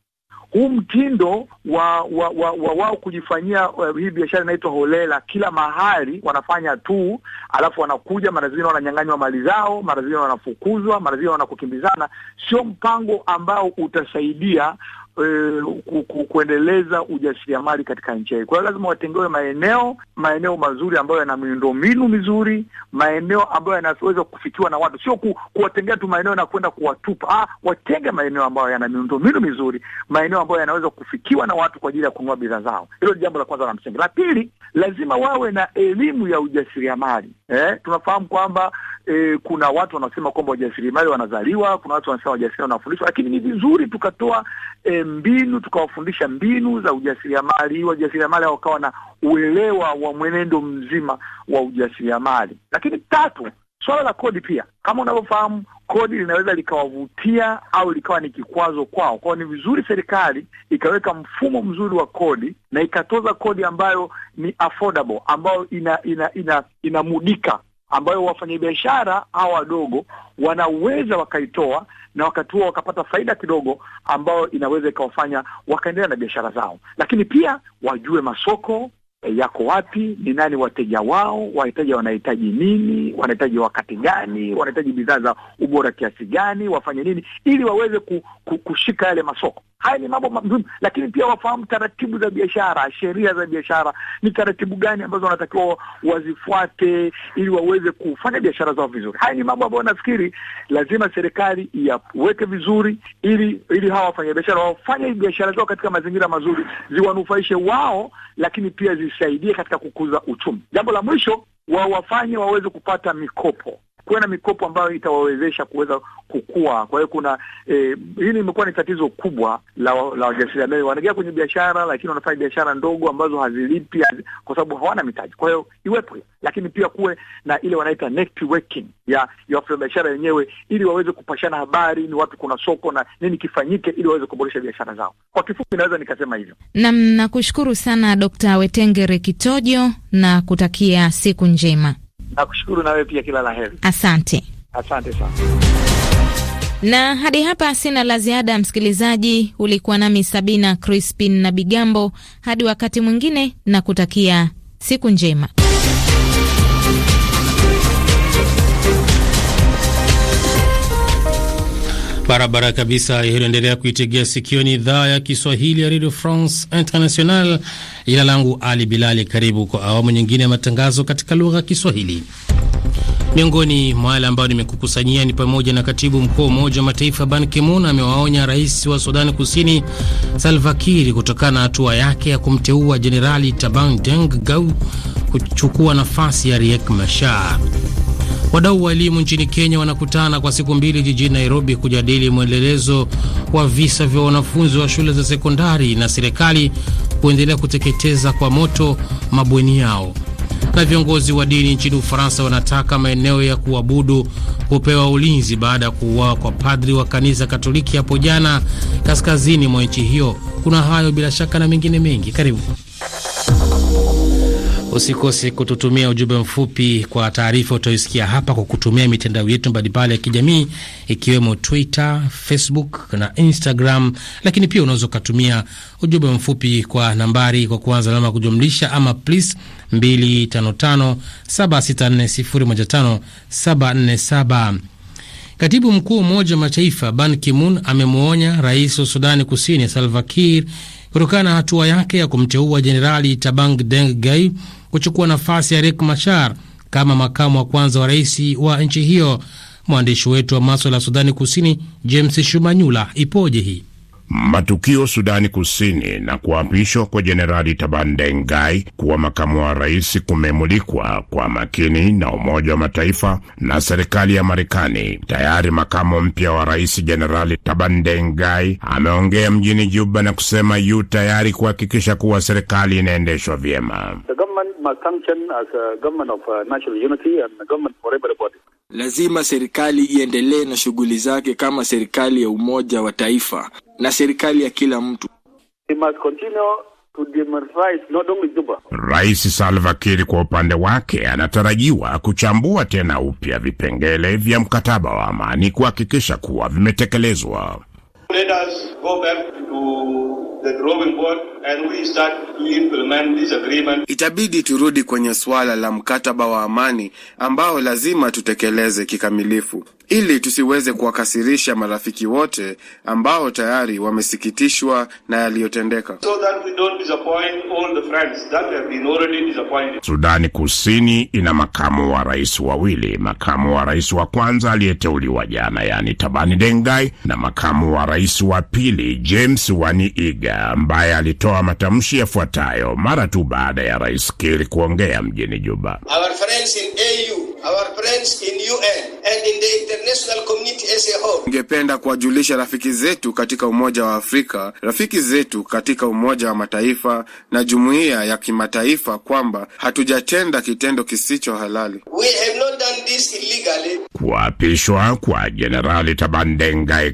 huu mtindo wa wao wa, wa, wa kujifanyia uh, hii biashara inaitwa holela, kila mahali wanafanya tu, alafu wanakuja, mara zingine wananyang'anywa mali zao, mara zingine wanafukuzwa, mara zingine wanakukimbizana. Sio mpango ambao utasaidia e, ku, ku, kuendeleza ujasiriamali katika nchi hii. Kwa hiyo lazima watengewe maeneo maeneo mazuri ambayo yana miundombinu mizuri, maeneo ambayo yanaweza kufikiwa na watu, sio ku, kuwatengea tu maeneo na kwenda kuwatupa. Ah, watenge maeneo ambayo yana miundombinu mizuri, maeneo ambayo yanaweza kufikiwa na watu kwa ajili ya kununua bidhaa zao. Hilo ni jambo la kwanza la msingi. La pili, lazima wawe na elimu ya ujasiriamali. Eh, tunafahamu kwamba eh, kuna watu wanaosema kwamba wajasiriamali wanazaliwa, kuna watu wanasema wajasiriamali wanafundishwa, lakini ni vizuri tukatoa eh, mbinu, tukawafundisha mbinu za ujasiriamali, wajasiriamali wakawa na uelewa wa mwenendo mzima wa ujasiriamali. Lakini tatu Swala la kodi pia, kama unavyofahamu, kodi linaweza likawavutia au likawa ni kikwazo kwao. Kwao ni vizuri serikali ikaweka mfumo mzuri wa kodi na ikatoza kodi ambayo ni affordable, ambayo ina ina ina inamudika, ambayo wafanyabiashara hawa wadogo wanaweza wakaitoa na wakati huo wakapata faida kidogo ambayo inaweza ikawafanya wakaendelea na biashara zao, lakini pia wajue masoko Eh, yako wapi, ni nani wateja wao, wahitaji wanahitaji nini, wanahitaji wakati gani, wanahitaji bidhaa za ubora kiasi gani, wafanye nini ili waweze ku, ku, kushika yale masoko. Haya ni mambo muhimu, lakini pia wafahamu taratibu za biashara, sheria za biashara, ni taratibu gani ambazo wanatakiwa wazifuate ili waweze kufanya biashara zao vizuri. Haya ni mambo ambayo nafikiri lazima serikali iyaweke vizuri, ili ili hawa wafanyabiashara wafanye biashara zao katika mazingira mazuri, ziwanufaishe wao, lakini pia zisaidie katika kukuza uchumi. Jambo la mwisho, wawafanye waweze kupata mikopo kuwe na mikopo ambayo itawawezesha kuweza kukua. Kwa hiyo kuna eh, hili limekuwa ni tatizo kubwa la la wajasiriamali. Wanaingia kwenye biashara, lakini wanafanya biashara ndogo ambazo hazilipi kwa sababu hawana mitaji. Kwa hiyo iwepo, lakini pia kuwe na ile wanaita networking ya ya biashara wenyewe, ili waweze kupashana habari, ni wapi kuna soko na nini kifanyike, ili waweze kuboresha biashara zao. Kwa kifupi, naweza nikasema hivyo. Nam, nakushukuru sana Dr. Wetengere Kitojo na kutakia siku njema. Nakushukuru na wewe pia, kila la heri. Asante, asante sana. Na hadi hapa sina la ziada, msikilizaji. Ulikuwa nami Sabina Crispin na Bigambo. Hadi wakati mwingine, na kutakia siku njema. Barabara kabisa, iliyoendelea kuitegea sikioni idhaa ya Kiswahili ya Radio France International. Jina langu Ali Bilali, karibu kwa awamu nyingine ya matangazo katika lugha ya Kiswahili. Miongoni mwa yale ambayo nimekukusanyia ni pamoja na katibu mkuu wa Umoja wa Mataifa Ban Ki-moon amewaonya rais wa Sudani Kusini Salva Kiir kutokana na hatua yake ya kumteua Jenerali Taban Deng Gau kuchukua nafasi ya Riek Machar. Wadau wa elimu nchini Kenya wanakutana kwa siku mbili jijini Nairobi kujadili mwendelezo wa visa vya wanafunzi wa shule za sekondari na serikali kuendelea kuteketeza kwa moto mabweni yao. Na viongozi wa dini nchini Ufaransa wanataka maeneo ya kuabudu kupewa ulinzi baada ya kuuawa kwa padri wa kanisa Katoliki hapo jana kaskazini mwa nchi hiyo. Kuna hayo bila shaka na mengine mengi, karibu Usikose kututumia ujumbe mfupi kwa taarifa utayoisikia hapa kwa kutumia mitandao yetu mbalimbali ya kijamii ikiwemo Twitter, Facebook na Instagram, lakini pia unaweza ukatumia ujumbe mfupi kwa nambari kwa kuanza alama kujumlisha ama plus 255 Katibu mkuu wa Umoja wa Mataifa Ban Ki-moon amemwonya rais wa Sudani Kusini Salva Kiir kutokana na hatua yake ya kumteua Jenerali Tabang Deng Gai kuchukua nafasi ya Riek Machar kama makamu wa kwanza wa rais wa nchi hiyo. Mwandishi wetu wa maswala ya Sudani Kusini James Shumanyula ipoje hii Matukio Sudani Kusini na kuapishwa kwa Jenerali Taban Deng Gai kuwa makamu wa rais kumemulikwa kwa makini na Umoja wa Mataifa na serikali ya Marekani. Tayari makamu mpya wa rais Jenerali Taban Deng Gai ameongea mjini Juba na kusema yu tayari kuhakikisha kuwa serikali inaendeshwa vyema. Uh, Lazima serikali iendelee na shughuli zake kama serikali ya umoja wa taifa na serikali ya kila mtu. Rais Salva Kiir kwa upande wake anatarajiwa kuchambua tena upya vipengele vya mkataba wa amani kuhakikisha kuwa vimetekelezwa. Itabidi turudi kwenye suala la mkataba wa amani ambao lazima tutekeleze kikamilifu ili tusiweze kuwakasirisha marafiki wote ambao tayari wamesikitishwa na yaliyotendeka. So Sudani Kusini ina makamu wa rais wawili, makamu wa rais wa kwanza aliyeteuliwa jana, yaani Tabani Dengai, na makamu wa rais wa pili James Wani Iga, ambaye alitoa matamshi yafuatayo mara tu baada ya rais Kiir kuongea mjini Juba. Our friends in AU, our friends in UN and in the international community as a whole. Ningependa kuwajulisha rafiki zetu katika Umoja wa Afrika, rafiki zetu katika Umoja wa Mataifa na jumuiya ya kimataifa kwamba hatujatenda kitendo kisicho halali. We have not done this illegally. Kuapishwa kwa Jenerali Taban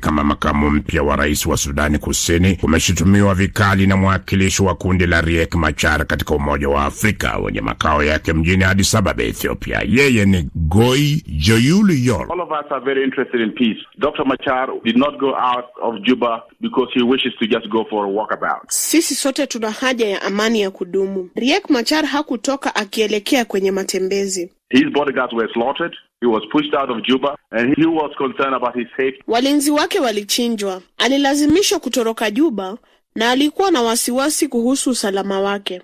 kama makamu mpya wa rais wa Sudani Kusini kumeshutumiwa vikali na mwakilishi wa kundi la Riek Machar katika Umoja wa Afrika wenye makao yake mjini Addis Ababa, Ethiopia. Yeye ni Goi Joyuli Yor. All of us are very interested in peace. Dr. Machar did not go out of Juba because he wishes to just go for a walkabout. Sisi sote tuna haja ya amani ya kudumu. Riek Machar hakutoka akielekea kwenye matembezi. His bodyguards were slaughtered. He was pushed out of Juba and he was concerned about his safety. Walinzi wake walichinjwa, alilazimishwa kutoroka Juba na alikuwa na wasiwasi kuhusu usalama wake.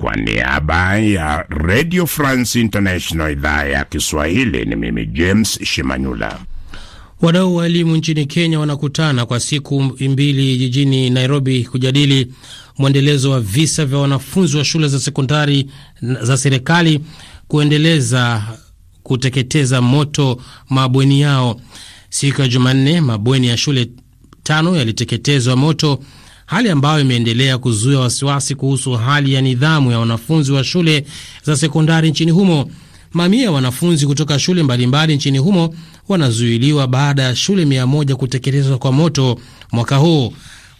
Kwa niaba ya Radio France International idhaa ya Kiswahili, ni mimi James Shimanyula. Wadau wa elimu nchini Kenya wanakutana kwa siku mbili jijini Nairobi kujadili mwendelezo wa visa vya wanafunzi wa shule za sekondari za serikali kuendeleza kuteketeza moto mabweni yao. Siku ya Jumanne, mabweni ya shule tano yaliteketezwa moto, hali ambayo imeendelea kuzuia wasiwasi kuhusu hali ya nidhamu ya wanafunzi wa shule za sekondari nchini humo. Mamia ya wanafunzi kutoka shule mbalimbali nchini humo wanazuiliwa baada ya shule mia moja kuteketezwa kwa moto mwaka huu.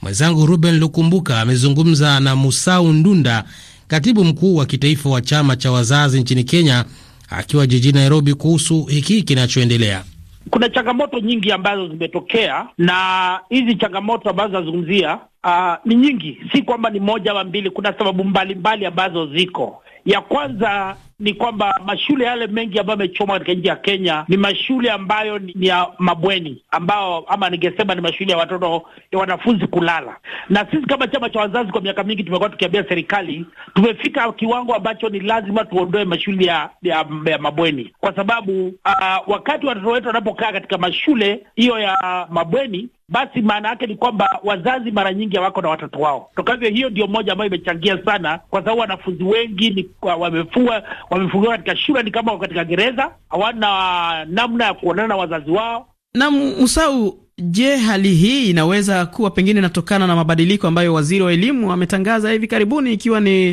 Mwenzangu Ruben Lukumbuka amezungumza na Musau Ndunda, katibu mkuu wa kitaifa wa chama cha wazazi nchini Kenya, akiwa jijini Nairobi, kuhusu hiki kinachoendelea kuna changamoto nyingi ambazo zimetokea, na hizi changamoto ambazo nazungumzia uh, ni nyingi, si kwamba ni moja ama mbili. Kuna sababu mbalimbali mbali ambazo ziko. Ya kwanza ni kwamba mashule yale mengi ambayo yamechomwa katika nchi ya Kenya ni mashule ambayo ni ya mabweni, ambao ama ningesema ni mashule ya watoto ya wanafunzi kulala. Na sisi kama chama cha wazazi, kwa miaka mingi tumekuwa tukiambia serikali, tumefika kiwango ambacho ni lazima tuondoe mashule ya, ya, ya mabweni, kwa sababu uh, wakati watoto wetu wanapokaa katika mashule hiyo ya mabweni basi maana yake ni kwamba wazazi mara nyingi hawako na watoto wao. Tokavyo hivyo hiyo ndio moja ambayo imechangia sana, kwa sababu wanafunzi wengi ni wamefua wamefungiwa katika shule, ni kama katika gereza, hawana namna ya kuonana na wazazi wao. Na Musau, Je, hali hii inaweza kuwa pengine inatokana na mabadiliko ambayo waziri wa elimu ametangaza hivi karibuni, ikiwa ni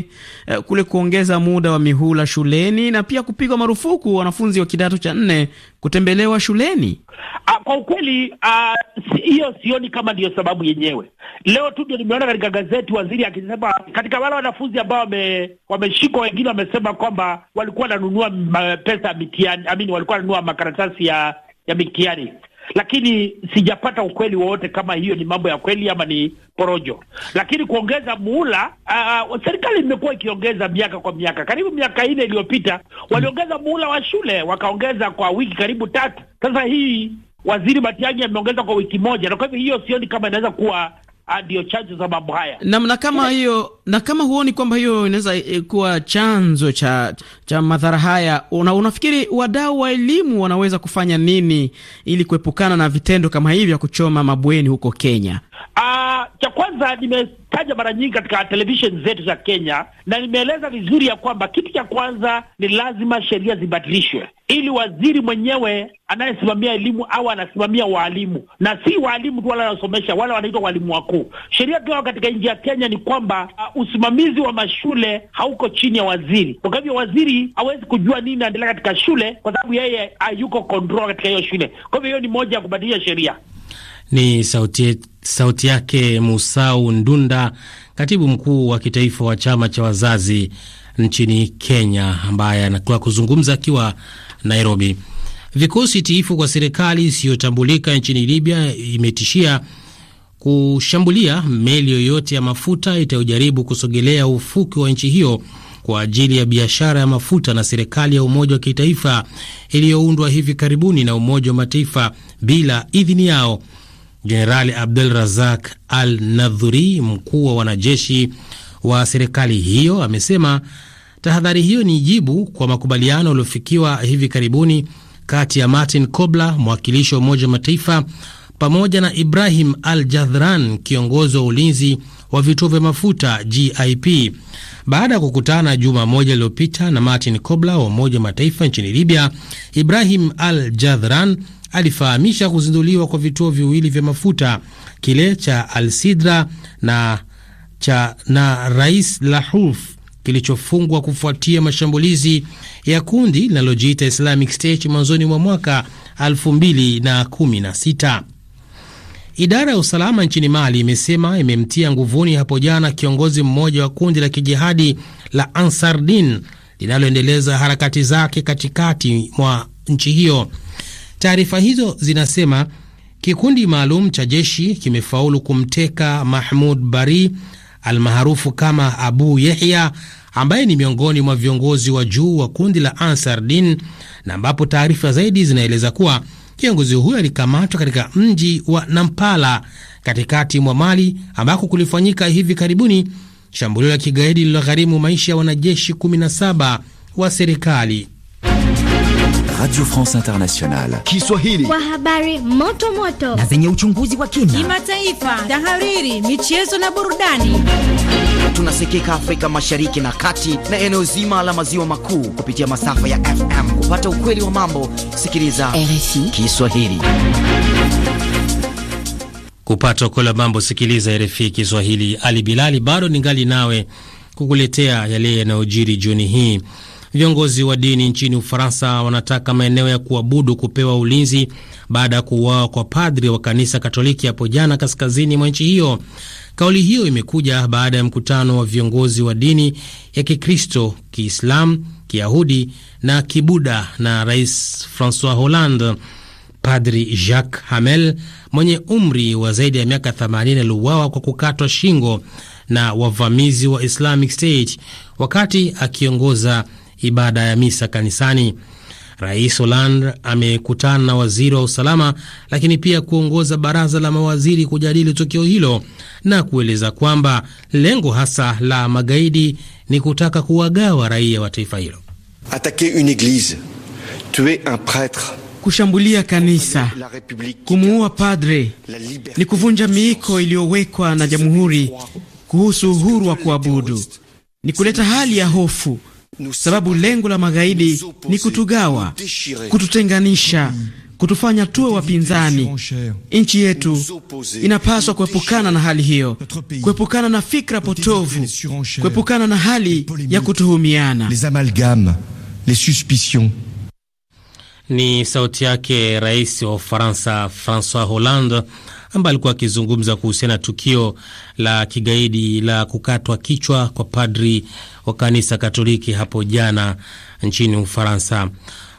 eh, kule kuongeza muda wa mihula shuleni na pia kupigwa marufuku wanafunzi wa kidato cha nne kutembelewa shuleni? A, ah, kwa ukweli ah, hiyo sioni kama ndiyo sababu yenyewe. Leo tu ndio nimeona katika gazeti waziri akisema katika wale wanafunzi ambao wameshikwa, wengine wamesema kwamba walikuwa wananunua eh, pesa ya mitihani, amini walikuwa wananunua makaratasi ya ya mitihani lakini sijapata ukweli wowote kama hiyo ni mambo ya kweli ama ni porojo. Lakini kuongeza muhula, uh, serikali imekuwa ikiongeza miaka kwa miaka, karibu miaka nne iliyopita waliongeza muhula wa shule, wakaongeza kwa wiki karibu tatu. Sasa hii Waziri Matiang'i ameongeza kwa wiki moja, na kwa hivyo hiyo sioni kama inaweza kuwa Ah, ndio chanzo za mambo haya na, na kama hiyo na kama huoni kwamba hiyo inaweza eh, kuwa chanzo cha cha madhara haya, una, unafikiri wadau wa elimu wanaweza kufanya nini ili kuepukana na vitendo kama hivi vya kuchoma mabweni huko Kenya? Uh, cha kwanza nimetaja mara nyingi katika television zetu za Kenya na nimeeleza vizuri ya kwamba kitu cha kwanza ni lazima sheria zibadilishwe ili waziri mwenyewe anayesimamia elimu au anasimamia waalimu na si waalimu tu wale wanaosomesha wale wanaitwa walimu wakuu. Sheria tunao katika nchi ya Kenya ni kwamba uh, usimamizi wa mashule hauko chini ya waziri. Kwa hivyo waziri hawezi kujua nini naendelea katika shule kwa sababu yeye hayuko control katika hiyo shule. Kwa hivyo hiyo ni moja ya kubadilisha sheria. Ni sauti, sauti yake Musau Ndunda, katibu mkuu wa kitaifa wa chama cha wazazi nchini Kenya, ambaye anakuwa kuzungumza akiwa Nairobi. Vikosi tiifu kwa serikali isiyotambulika nchini Libya imetishia kushambulia meli yoyote ya mafuta itayojaribu kusogelea ufuki wa nchi hiyo kwa ajili ya biashara ya mafuta na serikali ya umoja wa kitaifa iliyoundwa hivi karibuni na Umoja wa Mataifa bila idhini yao Jenerali Abdul Razak Al Nadhuri, mkuu wa wanajeshi wa serikali hiyo, amesema tahadhari hiyo ni jibu kwa makubaliano yaliyofikiwa hivi karibuni kati ya Martin Kobler, mwakilishi wa Umoja wa Mataifa, pamoja na Ibrahim Al Jadhran, kiongozi wa ulinzi wa vituo vya mafuta GIP, baada ya kukutana juma moja iliyopita na Martin Kobler wa Umoja wa Mataifa nchini Libya. Ibrahim Al Jadhran alifahamisha kuzinduliwa kwa vituo viwili vya mafuta kile cha Alsidra na cha na Rais Lahuf kilichofungwa kufuatia mashambulizi ya kundi linalojiita Islamic State mwanzoni mwa mwaka 2016. Idara ya usalama nchini Mali imesema imemtia nguvuni hapo jana kiongozi mmoja wa kundi la kijihadi la Ansardin linaloendeleza harakati zake katikati mwa nchi hiyo. Taarifa hizo zinasema kikundi maalum cha jeshi kimefaulu kumteka Mahmud Bari almaarufu kama Abu Yahya ambaye ni miongoni mwa viongozi wa juu wa kundi la Ansar Din, na ambapo taarifa zaidi zinaeleza kuwa kiongozi huyo alikamatwa katika mji wa Nampala katikati mwa Mali ambako kulifanyika hivi karibuni shambulio la kigaidi lililogharimu maisha ya wanajeshi 17 wa serikali. Radio France Internationale Kiswahili kwa habari moto moto na zenye uchunguzi wa kina, kimataifa, tahariri, michezo na burudani. Tunasikika Afrika Mashariki na Kati na eneo zima la maziwa makuu kupitia masafa ya FM. Kupata ukweli wa mambo, sikiliza RFI Kiswahili. Kupata ukweli wa mambo, sikiliza RFI Kiswahili. Ali Bilali bado ningali nawe kukuletea yale yanayojiri jioni hii. Viongozi wa dini nchini Ufaransa wanataka maeneo ya kuabudu kupewa ulinzi baada ya kuuawa kwa padri wa kanisa Katoliki hapo jana kaskazini mwa nchi hiyo. Kauli hiyo imekuja baada ya mkutano wa viongozi wa dini ya Kikristo, Kiislamu, Kiyahudi na Kibuda na Rais Francois Hollande. Padri Jacques Hamel mwenye umri wa zaidi ya miaka 80 aliuawa kwa kukatwa shingo na wavamizi wa Islamic State wakati akiongoza ibada ya misa kanisani. Rais Hollande amekutana na waziri wa usalama, lakini pia kuongoza baraza la mawaziri kujadili tukio hilo na kueleza kwamba lengo hasa la magaidi ni kutaka kuwagawa raia wa taifa hilo. Attaquer une tuer un prêtre Kushambulia kanisa, kumuua padre ni kuvunja miiko iliyowekwa na jamhuri kuhusu uhuru wa kuabudu, ni kuleta hali ya hofu sababu lengo la magaidi ni kutugawa, kututenganisha, kutufanya tuwe wapinzani. Nchi yetu inapaswa kuepukana na hali hiyo, kuepukana na fikra potovu, kuepukana na hali ya kutuhumiana. Ni sauti yake Rais wa Ufaransa Francois Hollande ambaye alikuwa akizungumza kuhusiana na tukio la kigaidi la kukatwa kichwa kwa padri wa kanisa Katoliki hapo jana nchini Ufaransa.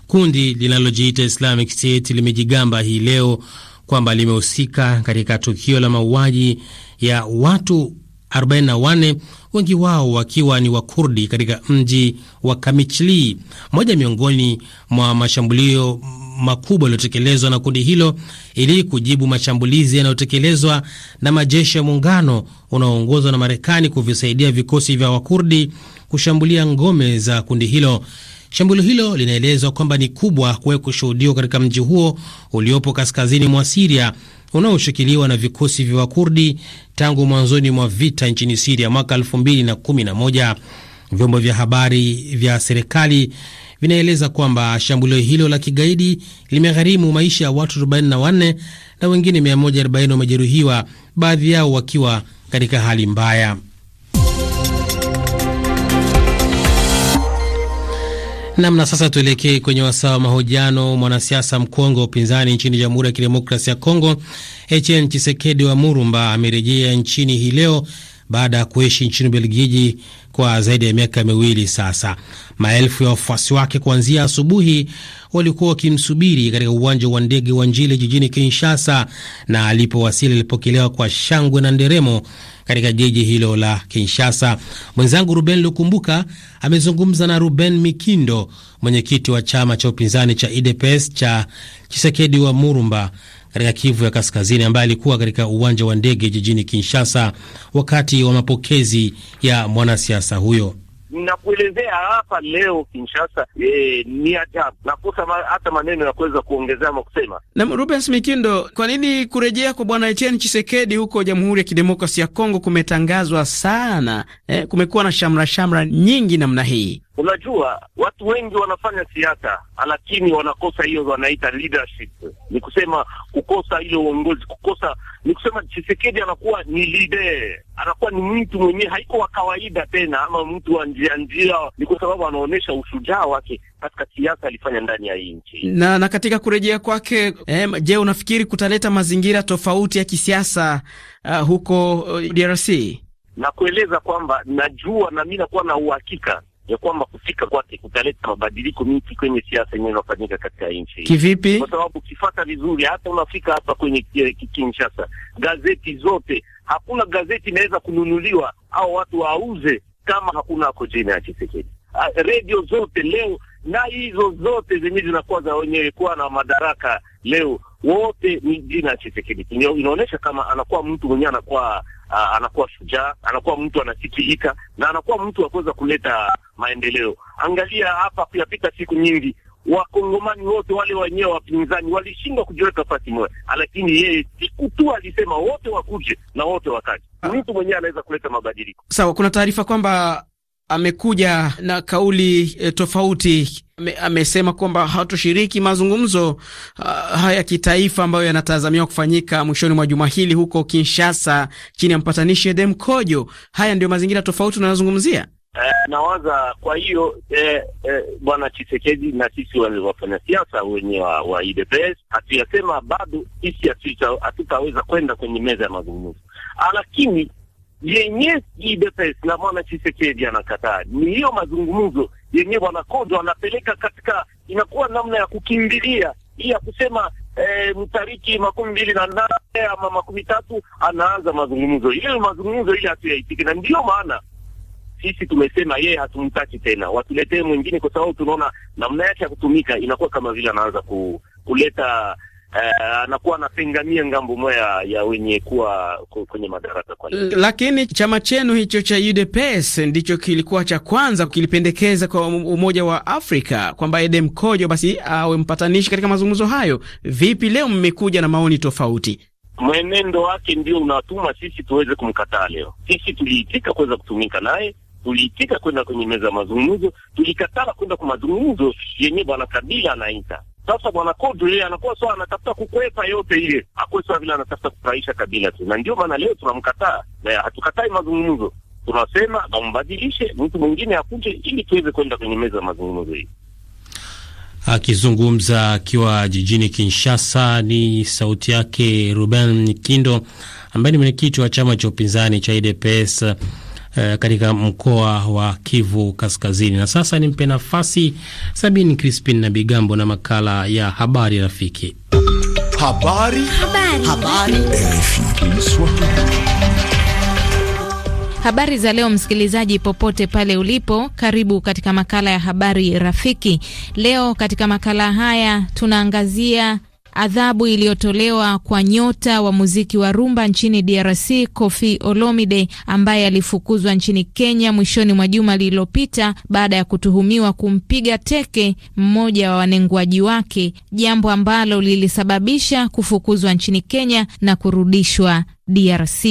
Kundi linalojiita Islamic State limejigamba hii leo kwamba limehusika katika tukio la mauaji ya watu 44 wengi wao wakiwa ni Wakurdi katika mji wa Kamichli. Moja miongoni mwa mashambulio makubwa yaliyotekelezwa na kundi hilo ili kujibu mashambulizi yanayotekelezwa na majeshi ya muungano unaoongozwa na Marekani kuvisaidia vikosi vya Wakurdi kushambulia ngome za kundi hilo. Shambulio hilo linaelezwa kwamba ni kubwa kuwahi kushuhudiwa katika mji huo uliopo kaskazini mwa Siria unaoshikiliwa na vikosi vya Wakurdi tangu mwanzoni mwa vita nchini Siria mwaka 2011. Vyombo vya habari vya serikali vinaeleza kwamba shambulio hilo la kigaidi limegharimu maisha ya watu 44 na wengine 140 wamejeruhiwa, baadhi yao wakiwa katika hali mbaya. Namna sasa, tuelekee kwenye wasaa wa mahojiano. Mwanasiasa mkongwe wa upinzani nchini Jamhuri ya kidemokrasi ya Kongo, HN chisekedi wa Murumba amerejea nchini hii leo baada ya kuishi nchini Ubelgiji kwa zaidi ya miaka miwili sasa. Maelfu ya wafuasi wake kuanzia asubuhi walikuwa wakimsubiri katika uwanja wa ndege wa Njili jijini Kinshasa, na alipowasili alipokelewa kwa shangwe na nderemo katika jiji hilo la Kinshasa. Mwenzangu Ruben Lukumbuka amezungumza na Ruben Mikindo, mwenyekiti wa chama cha upinzani cha UDPS cha Chisekedi wa Murumba katika Kivu ya Kaskazini, ambaye alikuwa katika uwanja wa ndege jijini Kinshasa wakati wa mapokezi ya mwanasiasa huyo. nakuelezea hapa leo Kinshasa e, ni ajabu nakosa ma, hata maneno ya kuweza kuongezea ma kusema. Na Rubens Mikindo, kwa nini kurejea kwa bwana Etienne Chisekedi huko Jamhuri ya Kidemokrasi ya Kongo kumetangazwa sana eh? Kumekuwa na shamra shamra nyingi namna hii. Unajua, watu wengi wanafanya siasa, lakini wanakosa hiyo wanaita leadership, ni kusema kukosa ile uongozi, kukosa ni kusema Chisekedi anakuwa ni leader, anakuwa ni mtu mwenyewe haiko wa kawaida tena, ama mtu wa njia njia, ni kwa sababu anaonyesha ushujaa wake katika siasa alifanya ndani ya nchi na, na katika kurejea kwake eh, je, unafikiri kutaleta mazingira tofauti ya kisiasa uh, huko uh, eh, DRC? Na kueleza kwamba najua na mimi nakuwa na uhakika ya kwamba kufika kwake kutaleta mabadiliko mingi kwenye siasa yenyewe inafanyika katika nchi. Kivipi? Kwa sababu ukifata vizuri, hata unafika hapa kwenye eh, Kinshasa, gazeti zote, hakuna gazeti inaweza kununuliwa au watu wauze kama hakuna ako jina ya chisekedi ah, Redio zote leo na hizo zote zenyewe zinakuwa za wenyewe kuwa na madaraka leo wote ni jina ya chisekedi Inaonyesha kama anakuwa mtu mwenyewe anakuwa uh, anakuwa shujaa, anakuwa mtu anasikilika na anakuwa mtu wa kuweza kuleta maendeleo. Angalia hapa, kuyapita siku nyingi Wakongomani wote wale wenyewe wapinzani walishindwa kujiweka fasi moja, lakini yeye siku tu alisema wote wakuje na wote wakaje. Ah. Mtu mwenyewe anaweza kuleta mabadiliko. Sawa, kuna taarifa kwamba amekuja na kauli e, tofauti. Ame, amesema kwamba hatoshiriki mazungumzo uh, haya ya kitaifa ambayo yanatazamiwa kufanyika mwishoni mwa juma hili huko Kinshasa chini ya mpatanishi Edem Kojo. Haya ndio mazingira tofauti unayozungumzia. Eh, nawaza kwa hiyo eh, eh, Bwana Chisekedi na sisi wafanya siasa wenye wa, wa UDPS hatuyasema bado, sisi hatutaweza kwenda kwenye meza ya mazungumzo, ah, lakini yenye Islamu na bwana Chisekedi anakataa. Ni hiyo mazungumzo yenye bwana Kodo anapeleka katika, inakuwa namna ya kukimbilia hii ya kusema E, mtariki makumi mbili na nane ama makumi tatu anaanza mazungumzo Hiyo mazungumzo ile hatuyaitiki, na ndiyo maana sisi tumesema yeye hatumtaki tena, watuletee mwingine, kwa sababu tunaona namna yake ya kutumika inakuwa kama vile anaanza ku, kuleta Eh, anakuwa anapingania ngambo moja ya wenye kuwa kwenye madaraka. Kwa hiyo lakini chama chenu hicho cha UDPS ndicho kilikuwa cha kwanza kilipendekeza kwa um, Umoja wa Afrika kwamba Edem Kojo basi awe mpatanishi katika mazungumzo hayo. Vipi leo mmekuja na maoni tofauti? Mwenendo wake ndio unatuma sisi tuweze kumkataa leo. Sisi tuliitika kuweza kutumika naye tuliitika kwenda kwenye meza ya mazungumzo, tulikatala kwenda kwa mazungumzo yenye bwana Kabila anaita sasa bwana Kodri anakuwa sawa, anatafuta kukwepa yote ile, akuwe sawa vile anatafuta kufurahisha kabila tu, na ndio maana leo tunamkataa na hatukatai mazungumzo, tunasema bambadilishe, mtu mwingine akuje ili tuweze kwenda kwenye meza ya mazungumzo hii. Akizungumza akiwa jijini Kinshasa, ni sauti yake Ruben Kindo ambaye ni mwenyekiti wa chama cha upinzani cha UDPS eh, katika mkoa wa Kivu Kaskazini. Na sasa nimpe nafasi Sabini Crispin na Bigambo na makala ya habari rafiki. Habari, habari, habari. Habari za leo msikilizaji, popote pale ulipo, karibu katika makala ya habari rafiki. Leo katika makala haya tunaangazia Adhabu iliyotolewa kwa nyota wa muziki wa rumba nchini DRC Kofi Olomide ambaye alifukuzwa nchini Kenya mwishoni mwa juma lililopita baada ya kutuhumiwa kumpiga teke mmoja wa wanenguaji wake, jambo ambalo lilisababisha kufukuzwa nchini Kenya na kurudishwa DRC.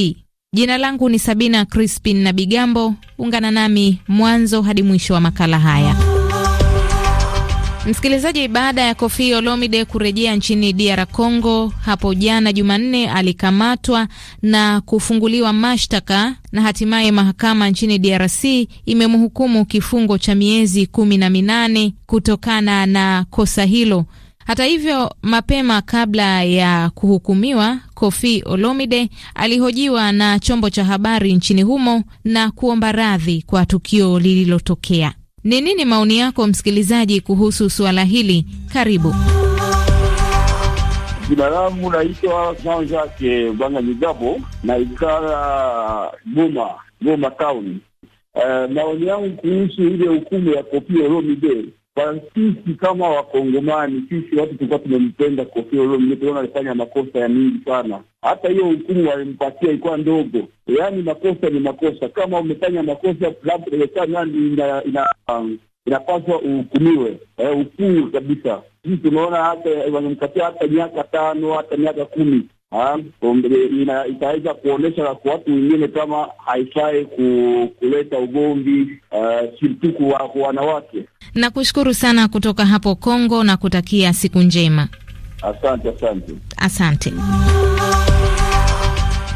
Jina langu ni Sabina Crispin na Bigambo. Ungana nami mwanzo hadi mwisho wa makala haya. Msikilizaji, baada ya Kofi Olomide kurejea nchini DR Congo hapo jana Jumanne, alikamatwa na kufunguliwa mashtaka na hatimaye mahakama nchini DRC imemhukumu kifungo cha miezi kumi na minane kutokana na kosa hilo. Hata hivyo, mapema kabla ya kuhukumiwa, Kofi Olomide alihojiwa na chombo cha habari nchini humo na kuomba radhi kwa tukio lililotokea. Ni nini maoni yako msikilizaji kuhusu suala hili? Karibu. Jina langu naitwa Sanjake eh, Bwana Migabo, naikara Goma, Goma town. Uh, maoni yangu kuhusu ile hukumu ya Koffi Olomide sisi kama Wakongomani, sisi watu tulikuwa tumempenda Kofi Olomide, tunaona alifanya makosa ya mingi sana. Hata hiyo hukumu walimpatia ilikuwa ndogo. Yaani makosa ni makosa, kama umefanya makosa ina, ina inapaswa uhukumiwe eh, ukuu kabisa. Sisi tunaona hata wanamkatia hata miaka tano hata miaka kumi Ah, itaweza kuonyesha kwa watu wengine kama haifai ku, kuleta ugomvi uh, eh, sirtu wanawake. Nakushukuru sana kutoka hapo Kongo na kutakia siku njema. Asante, asante, asante.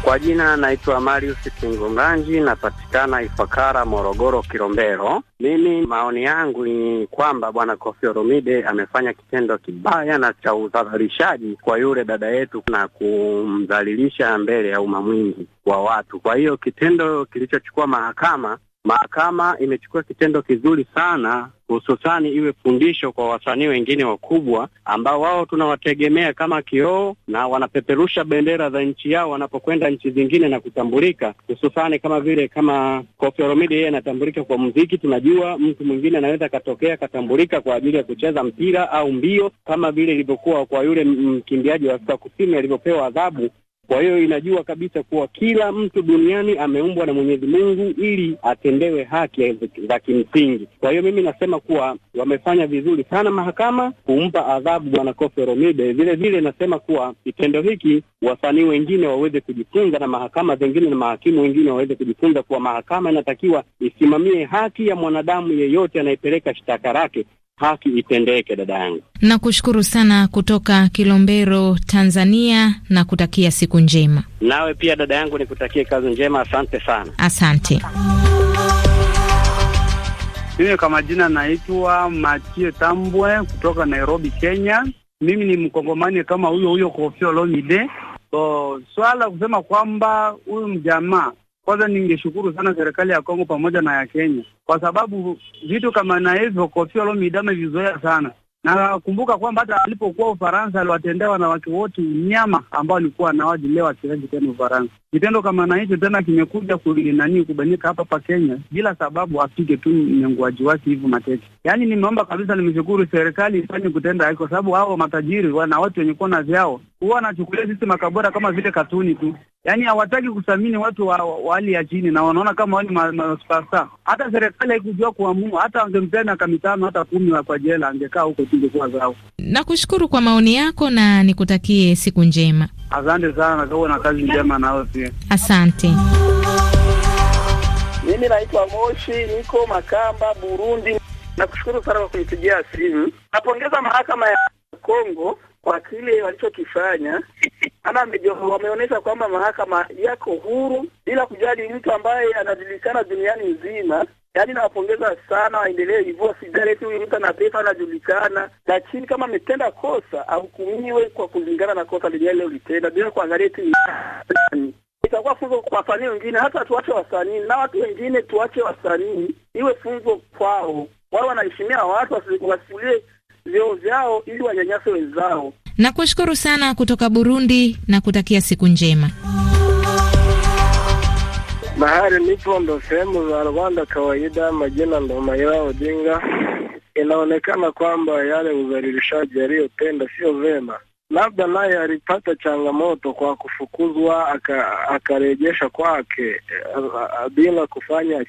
Kwa jina naitwa Marius Kingumranji, napatikana Ifakara, Morogoro, kirombero Mimi maoni yangu ni kwamba bwana Kofi Olomide amefanya kitendo kibaya na cha udhalilishaji kwa yule dada yetu na kumdhalilisha mbele ya umma mwingi wa watu. Kwa hiyo kitendo kilichochukua mahakama mahakama imechukua kitendo kizuri sana hususani iwe fundisho kwa wasanii wengine wakubwa ambao wao tunawategemea kama kioo na wanapeperusha bendera za nchi yao wanapokwenda nchi zingine na kutambulika, hususani kama vile kama Koffi Olomide, yeye anatambulika kwa muziki. Tunajua mtu mwingine anaweza akatokea akatambulika kwa ajili ya kucheza mpira au mbio, kama vile ilivyokuwa kwa yule mkimbiaji wa Afrika Kusini alivyopewa adhabu kwa hiyo inajua kabisa kuwa kila mtu duniani ameumbwa na Mwenyezi Mungu ili atendewe haki za kimsingi. Kwa hiyo mimi nasema kuwa wamefanya vizuri sana mahakama kumpa adhabu bwana Kofi Olomide. Vile vile nasema kuwa kitendo hiki wasanii wengine waweze kujifunza na mahakama zingine na mahakimu wengine waweze kujifunza kuwa mahakama inatakiwa isimamie haki ya mwanadamu yeyote anayepeleka shtaka lake, haki itendeke, dada yangu. Nakushukuru sana kutoka Kilombero, Tanzania, na kutakia siku njema. Nawe pia dada yangu, nikutakie kazi njema. Asante sana, asante. Mimi kwa majina naitwa Matie Tambwe kutoka Nairobi, Kenya. Mimi ni mkongomani kama huyo huyo Koffi Olomide. So, swala kusema kwamba huyu mjamaa kwanza ningeshukuru sana serikali ya Kongo pamoja na ya Kenya, kwa sababu vitu kama na hivyo Koffi Olomide vizoea sana, na kumbuka kwamba hata alipokuwa Ufaransa aliwatendea wanawake wote unyama ambao alikuwa anawaji leo wachezaji tena Ufaransa. Kitendo kama na hicho tena kimekuja kulinani kubanyika hapa pa Kenya bila sababu, apige tu mnyanguaji wake hivyo mateke. Yaani nimeomba kabisa, nimeshukuru serikali ifanye kutenda kwa sababu hao matajiri wana watu wenye kona vyao huwa wanachukulia sisi makabora kama vile katuni tu, yaani hawataki kuthamini watu wa, hali ya chini na wanaona kama wao ni Hata serikali haikujua kuamua, hata wangempea miaka mitano hata kumi kwa jela, angekaa huko tungekuwa zao. Nakushukuru kwa maoni yako na nikutakie siku njema. Asante sana na na kazi njema nawe pia. Asante. Mimi naitwa Moshi, niko Makamba, Burundi. Nakushukuru sana kwa kunipigia simu. Napongeza mahakama ya Kongo kwa kile walichokifanya. [laughs] Ana wameonyesha kwamba mahakama yako huru bila kujali mtu ambaye anajulikana duniani nzima Yaani nawapongeza sana, waendelee hivyo, sigareti huyu mtu anapesa anajulikana, lakini kama ametenda kosa ahukumiwe kwa kulingana na kosa lenyewe ulitenda litenda, bila kuangalia tu itakuwa funzo kwa wasanii wengine. Hata tuache wasanii na watu wengine, tuache wasanii iwe funzo kwao, wao wanaheshimia watu, wasifulie vyoo vyao ili wanyanyase wenzao. Nakushukuru sana kutoka Burundi na kutakia siku njema. Mahali nipo ndo sehemu za Rwanda kawaida, majina ndo maira Odinga. Inaonekana kwamba yale udhalilishaji yaliyotenda sio vema, labda naye alipata changamoto kwa kufukuzwa akarejesha aka kwake bila kufanya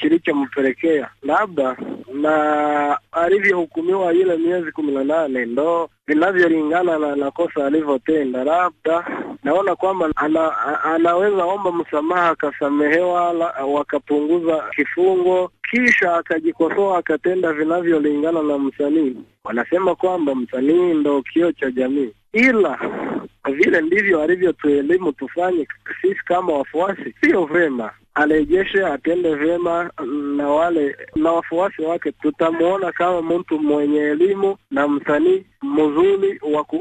kilichompelekea, labda na alivyohukumiwa ile miezi kumi na nane ndo vinavyolingana na, na kosa alivyotenda. Labda naona kwamba ana, anaweza omba msamaha akasamehewa, wakapunguza kifungo, kisha akajikosoa akatenda vinavyolingana na msanii. Wanasema kwamba msanii ndo kio cha jamii, ila vile ndivyo alivyotuelimu tufanye sisi kama wafuasi, sio vema arejeshe atende vyema mm, na wale na wafuasi wake. Tutamwona kama mtu mwenye elimu na msanii mzuri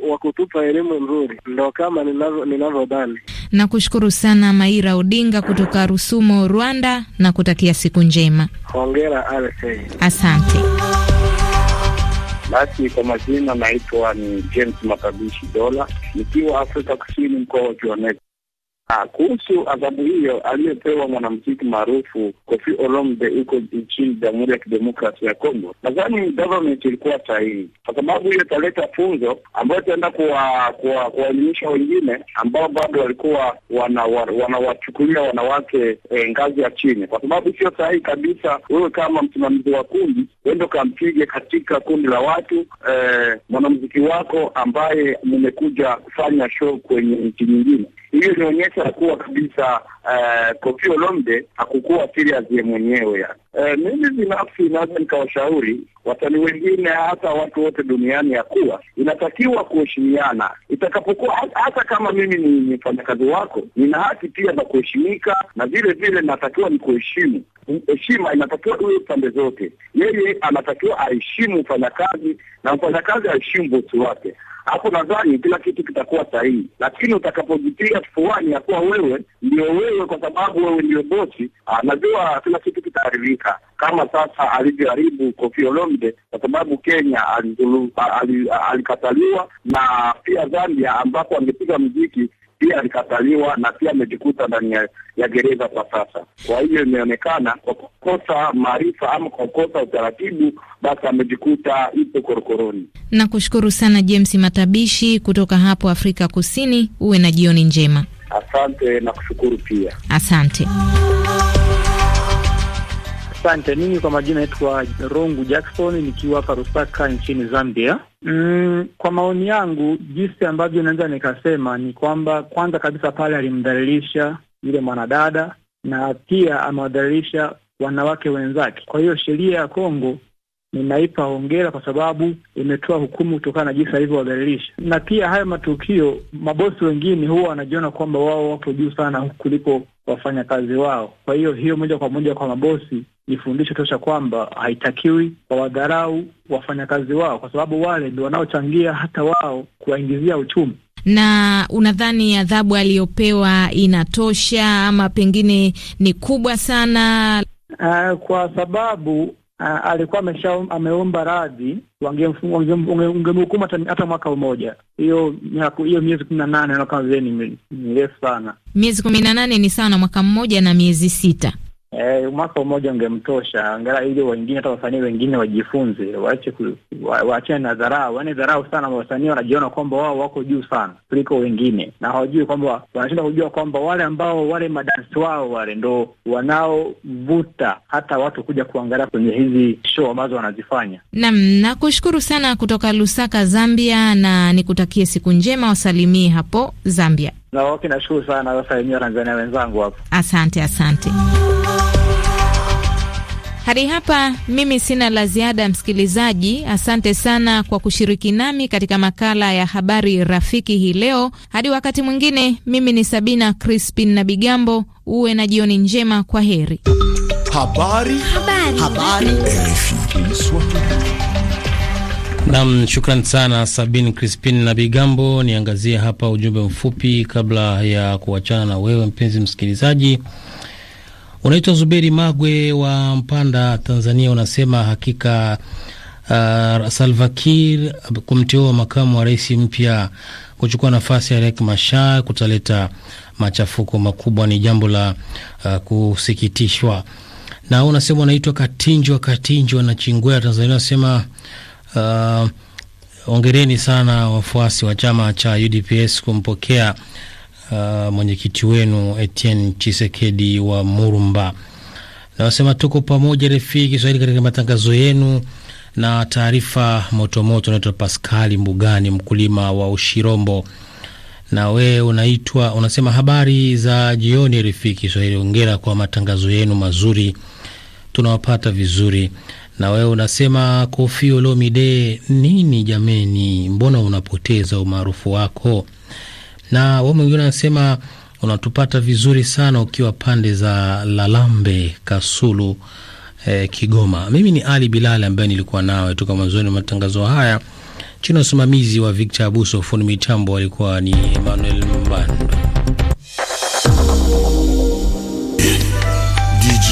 wa kutupa elimu nzuri, ndo kama ninavyodhani. Nakushukuru sana Maira Odinga kutoka Rusumo, Rwanda, na kutakia siku njema. Hongera RFA, asante. Basi kwa majina naitwa ni James Makabishi Dola, nikiwa Afrika Kusini, mkoa wa Johannesburg. Ah, kuhusu adhabu hiyo aliyopewa mwanamziki maarufu Koffi Olomide huko nchini Jamhuri ya Kidemokrasia ya Kongo, nadhani government ilikuwa sahihi, kwa sababu hiyo italeta funzo ambayo itaenda kuwaelimisha wengine ambao bado walikuwa wanawachukulia wana wanawake eh, ngazi ya chini, kwa sababu sio sahihi kabisa wewe kama msimamizi wa kundi uende ukampige katika kundi la watu eh, mwanamziki wako ambaye mmekuja kufanya show kwenye nchi nyingine hiyo inaonyesha kuwa kabisa uh, Olomide hakukuwa serious yeye mwenyewe yani. Uh, eh, mimi binafsi naweza nikawashauri wasanii wengine hata watu wote duniani ya kuwa inatakiwa kuheshimiana. Itakapokuwa hata kama mimi ni mfanyakazi wako, nina haki pia za kuheshimika na vile vile natakiwa ni kuheshimu heshima inatakiwa iwe pande zote. Yeye anatakiwa aheshimu mfanyakazi na mfanyakazi aheshimu bosi wake. Hapo nadhani kila kitu kitakuwa sahihi, lakini utakapojitia fuani ya kuwa wewe ndio wewe, kwa sababu wewe ndio bosi, anajua ah, kila kitu kitaharibika, kama sasa alivyoharibu Kofi Olomide, kwa sababu Kenya ah, ah, alikataliwa na pia Zambia, ambapo angepiga mziki pia alikataliwa na pia amejikuta ndani ya gereza kwa sasa. Kwa hiyo imeonekana kwa kukosa maarifa ama kwa kukosa utaratibu, basi amejikuta ipo korokoroni. Nakushukuru sana James Matabishi kutoka hapo Afrika Kusini. Uwe na jioni njema. Asante na kushukuru pia, asante. Asante. Mimi kwa majina naitwa Rongu Jackson, nikiwa hapa Rusaka nchini Zambia. Mm, kwa maoni yangu jinsi ambavyo naweza nikasema ni kwamba kwanza kabisa pale alimdhalilisha yule mwanadada na pia amewadhalilisha wanawake wenzake. Kwa hiyo sheria ya Kongo ninaipa hongera kwa sababu imetoa hukumu kutokana na jinsi alivyowadhalilisha. Na pia haya matukio, mabosi wengine huwa wanajiona kwamba wao wako juu sana kuliko wafanyakazi wao. Kwa hiyo hiyo moja kwa moja kwa mabosi ni fundisho tosha kwamba haitakiwi kwa wadharau wafanyakazi wao, kwa sababu wale ndio wanaochangia hata wao kuwaingizia uchumi. Na unadhani adhabu aliyopewa inatosha ama pengine ni kubwa sana? Uh, kwa sababu uh, alikuwa amesha ameomba radhi, wangemhukuma hata mwaka mmoja. Hiyo hiyo miezi kumi na nane kama vile ni mirefu sana. Miezi kumi na nane ni sawa na mwaka mmoja na miezi sita. Eh, mwaka mmoja ungemtosha angalau, ili wengine hata wasanii wengine wajifunze, waache waachane na dharau, yani dharau sana. Wasanii wanajiona kwamba wao wako juu sana kuliko wengine, na hawajui kwamba wanashinda kujua kwamba wale ambao wale madansi wao wale ndo wanaovuta hata watu kuja kuangalia kwenye hizi show ambazo wanazifanya. Naam, nakushukuru sana kutoka Lusaka, Zambia, na nikutakie siku njema. Wasalimie hapo Zambia. Na wote nashukuru sana wasalimia Tanzania wenzangu hapo. Asante, asante. Hadi hapa mimi sina la ziada, msikilizaji. Asante sana kwa kushiriki nami katika makala ya habari rafiki hii leo. Hadi wakati mwingine, mimi ni Sabina Crispin na Bigambo. Uwe na jioni njema, kwa heri. Habari. Habari. Habari. Habari. Nam, shukran sana Sabin Crispin na Bigambo. Niangazie hapa ujumbe mfupi kabla ya kuachana na wewe mpenzi msikilizaji. Unaitwa Zuberi Magwe wa Mpanda, Tanzania. Unasema hakika uh, Salva Kiir kumteua makamu wa rais mpya kuchukua nafasi ya Riek Machar kutaleta machafuko makubwa, ni jambo la uh, kusikitishwa. Na unasema unaitwa Katinjwa Katinjwa na Chingwea, Tanzania, unasema Uh, ongereni sana wafuasi wa chama cha UDPS kumpokea uh, mwenyekiti wenu Etienne Chisekedi wa Murumba. Nawasema tuko pamoja RFI Kiswahili katika matangazo yenu na taarifa motomoto. Unaitwa Paskali Mbugani, mkulima wa Ushirombo, na we unaitwa unasema habari za jioni RFI Kiswahili, ongera kwa matangazo yenu mazuri, tunawapata vizuri na wewe unasema kofi Olomide, nini jameni, mbona unapoteza umaarufu wako? Na we mwingine unasema unatupata vizuri sana ukiwa pande za Lalambe, Kasulu, eh, Kigoma. Mimi ni Ali Bilali ambaye nilikuwa nawe toka mwanzoni wa matangazo haya chini ya usimamizi wa Victor Abuso. Fundi mitambo alikuwa ni Emmanuel Mbando.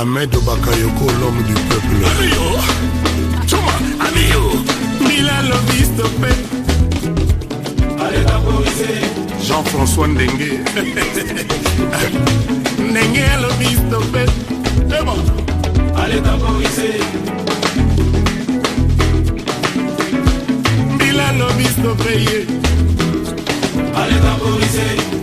Ahmed Bakayoko, l'homme du peuple. Amio, Choma, Amio, Mila Lobby, stopé. Allez, taporiser. Jean-François Ndengue. [laughs] Ndengue, à stopé. C'est bon. Allez, taporiser. Mila Lobby, stopé. Allez, taporiser.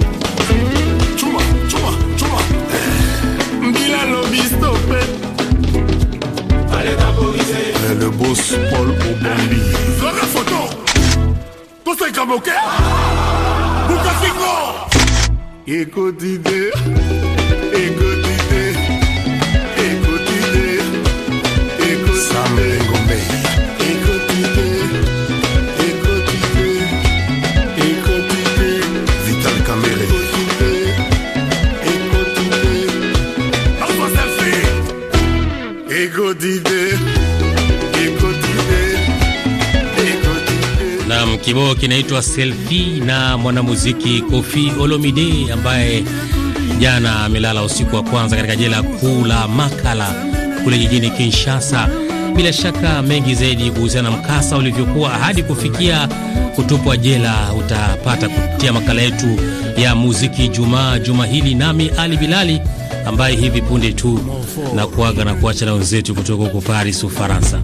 police le boss Paul Obambi. Sur photo, tout comme ok. Bouka Écoute idée, écoute idée. Kibao kinaitwa Selfie na mwanamuziki Kofi Olomide ambaye jana amelala usiku wa kwanza katika jela kuu la Makala kule jijini Kinshasa. Bila shaka mengi zaidi kuhusiana na mkasa ulivyokuwa hadi kufikia kutupwa jela utapata kupitia makala yetu ya muziki Jumaa juma hili, nami Ali Bilali ambaye hivi punde tu na kuaga na kuacha na wenzetu kutoka huko Paris, Ufaransa.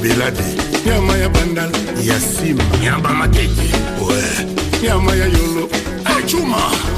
belade nyama ya bandala ya nsima nyamba matete we nyama ya yolo ecuma ah, hey,